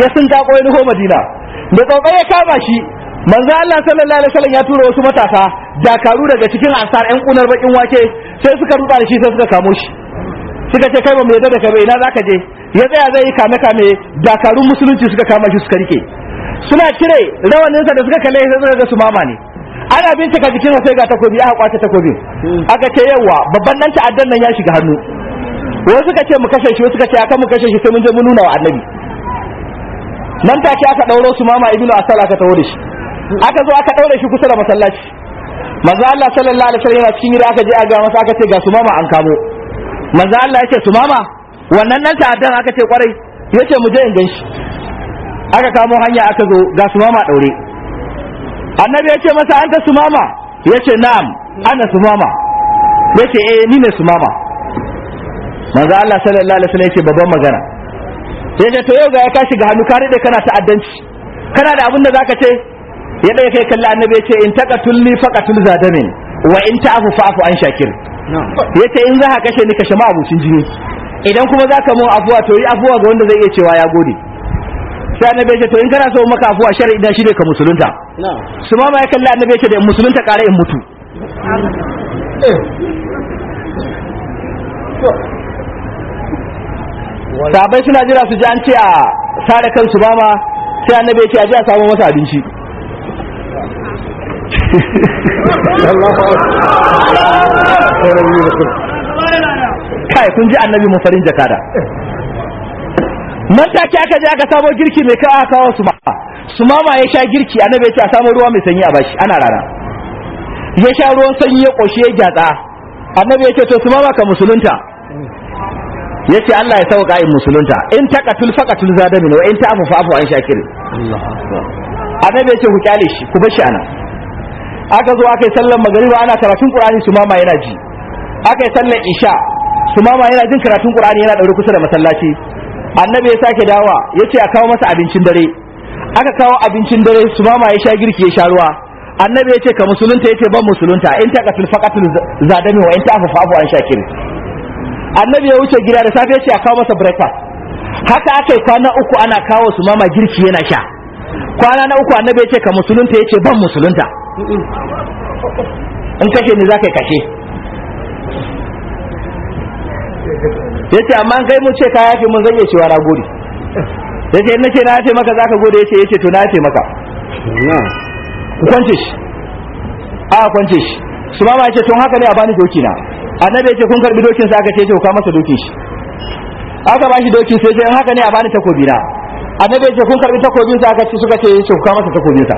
ya sun ga ƙoyi madina da tsautsai ya kama shi manzo Allah sallallahu alaihi wasallam ya tura wasu matasa dakaru daga cikin asar ɗan kunar bakin wake sai suka ruba da shi sai suka kamo shi suka ce kai ba mai daga da kai ina zaka je ya tsaya zai yi kame kame dakarun musulunci suka kama shi suka rike suna cire sa da suka kalle sai suka ga su mama ne ana bincika sa sai ga takobi aka kwace takobin aka ce yawa babban dan ta'addan nan ya shiga hannu wasu suka ce mu kashe shi wasu suka ce aka mu kashe shi sai mun je mu nuna wa annabi nan take aka dauro su mama ibnu asala ka tawo da shi aka zo aka daure shi kusa da masallaci manzo Allah sallallahu alaihi wasallam yana cikin gida aka je a ga masa aka ce ga sumama an kamo manzo Allah ya ce sumama wannan nan ta'addan aka ce kwarai yace mu je in gan shi aka kamo hanya aka zo ga sumama daure annabi ya ce masa an ta sumama yace na'am ana sumama yace eh ni ne sumama manzo Allah sallallahu alaihi wasallam yace babban magana yace to yau ga ya tashi shiga hannu ka rade kana ta'addanci kana da abin da zaka ce ya ɗaya kai kalli annabi ya ce in taka tulli faƙatul zadamin wa in ta afu fa'afu an shakir ya ce in za ka kashe ni kashe ma'abucin jini idan kuma za ka mun afuwa to yi afuwa ga wanda zai iya cewa ya gode sai annabi ya ce to in kana so maka afuwa shari'i da shi ne ka musulunta su ma ya kalli annabi ya ce da in musulunta ƙara in mutu sabai suna jira su ji an ce a sare kansu ba ma sai annabi ya ce a ji a samu masa abinci kai kun ji annabi farin jakada nan take aka je aka samo girki mai kawo aka kawo su ma. su mama ya sha girki annabi ya ce a samo ruwa mai sanyi a bashi ana rana ya sha ruwan sanyi ya koshi ya gyatsa annabi ya ce to su mama ka musulunta ya ce Allah ya sauka in musulunta in ta katul faqatul zadami wa in ta fa fa'fu an shakir Allah annabi ya ce ku kyale shi ku bashi ana aka zo aka yi sallar magariba ana karatun qur'ani su mama yana ji aka yi sallar isha su mama yana jin karatun qur'ani yana daure kusa da masallaci annabi ya sake dawa ya ce a kawo masa abincin dare aka kawo abincin dare su mama ya sha girki ya sha ruwa annabi ya ce ka musulunta yace ban musulunta in ta katil faqatul zadami wa in ta afafa abu an shakir annabi ya wuce gida da safe ya ce a kawo masa breakfast haka aka kwana uku ana kawo su mama girki yana sha kwana na uku annabi ya ce ka musulunta ya ce ban musulunta in kashe ni za ka kashe ya ce amma kai mun ce ka yafe mun zan iya cewa na gode ya ce na ce na yafe maka za ka gode ya ce ya ce to na yafe maka ku kwance shi a kwance shi su mama ya ce tun haka ne a bani doki na annabi ya ce kun karbi dokin sa aka ce ce ka masa doki. shi aka ba shi doki sai sai haka ne a bani takobi na annabi ce kun karbi takobin sa aka ci suka ce yace kuka masa takobin sa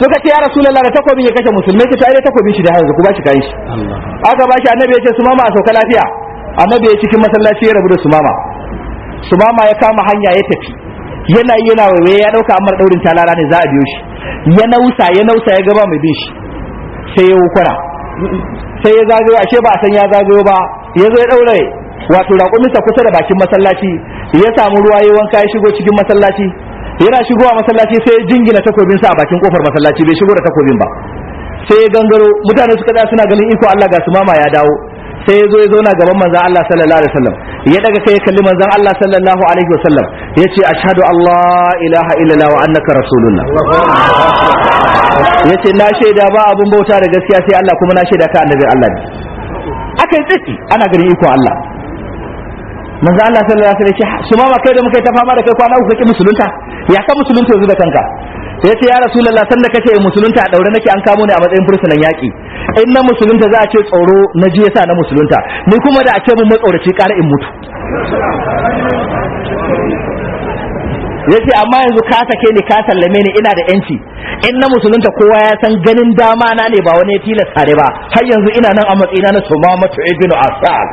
suka ce ya rasulullah da takobin ya kashe musulmai ki tare takobin shi da yanzu ku shi kai shi aka shi annabi ya ce su mama a sauka lafiya annabi ya cikin masallaci ya rabu da su mama su mama ya kama hanya ya tafi yana yi yana waiwaye ya dauka amar daurin talala ne za a biyo shi ya nausa ya nausa ya gaba mai bin shi sai ya wukura sai ya zagayo ashe ba a san ya zagayo ba ya zo ya daure wato raƙuminsa kusa da bakin masallaci ya samu ruwa ya wanka ya shigo cikin masallaci yana shigowa masallaci sai ya jingina takobinsa a bakin kofar masallaci bai shigo da takobin ba sai ya gangaro mutane suka tsaya suna ganin iko Allah ga su mama ya dawo sai ya zo ya zauna gaban manzon Allah sallallahu alaihi wasallam ya daga kai ya kalli manzon Allah sallallahu alaihi wasallam ce ashhadu Allah ilaha illallah wa annaka rasulullah ce na shaida ba abun bauta da gaskiya sai Allah kuma na shaida ka annabin Allah ne akai tsiki ana ganin iko Allah manzo Allah sallallahu alaihi wasallam su ma kai da muka ta fama da kai kwana uku kake musulunta ya ka musulunta yanzu da kanka sai ya ce ya rasulullah sanda kace musulunta a daure nake an kamo ni a matsayin fursunan yaki in na musulunta za a ce tsoro na ji yasa na musulunta ni kuma da a ce mun matsoraci kara in mutu ya ce amma yanzu ka sake ni ka sallame ni ina da yanci in na musulunta kowa ya san ganin dama na ne ba wani ya tilasta ne ba har yanzu ina nan a matsayina na sumamatu ibnu asal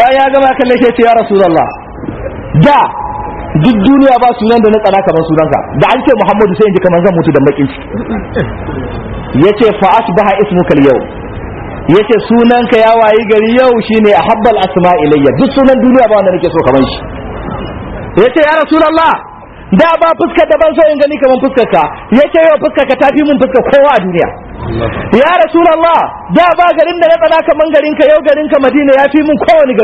bayan ya gama kalle shi ya rasulullah da duk duniya ba sunan da na tsana kamar sunanka da an ce muhammadu sai in ji kamar zan mutu da bakin ciki yace fa asbaha yau. Ya ce sunan ka ya wayi gari yau shi ne ahabbal asma ilayya duk sunan duniya ba wanda nake so kamar shi Ya ce ya rasulullah da ba fuskar da ban so in gani kamar fuskar ka yake yau fuskar ka tafi mun fuskar kowa a duniya ya rasulullah da ba garin da na tsana kamar garin ka yau garin ka madina ya fi mun kowane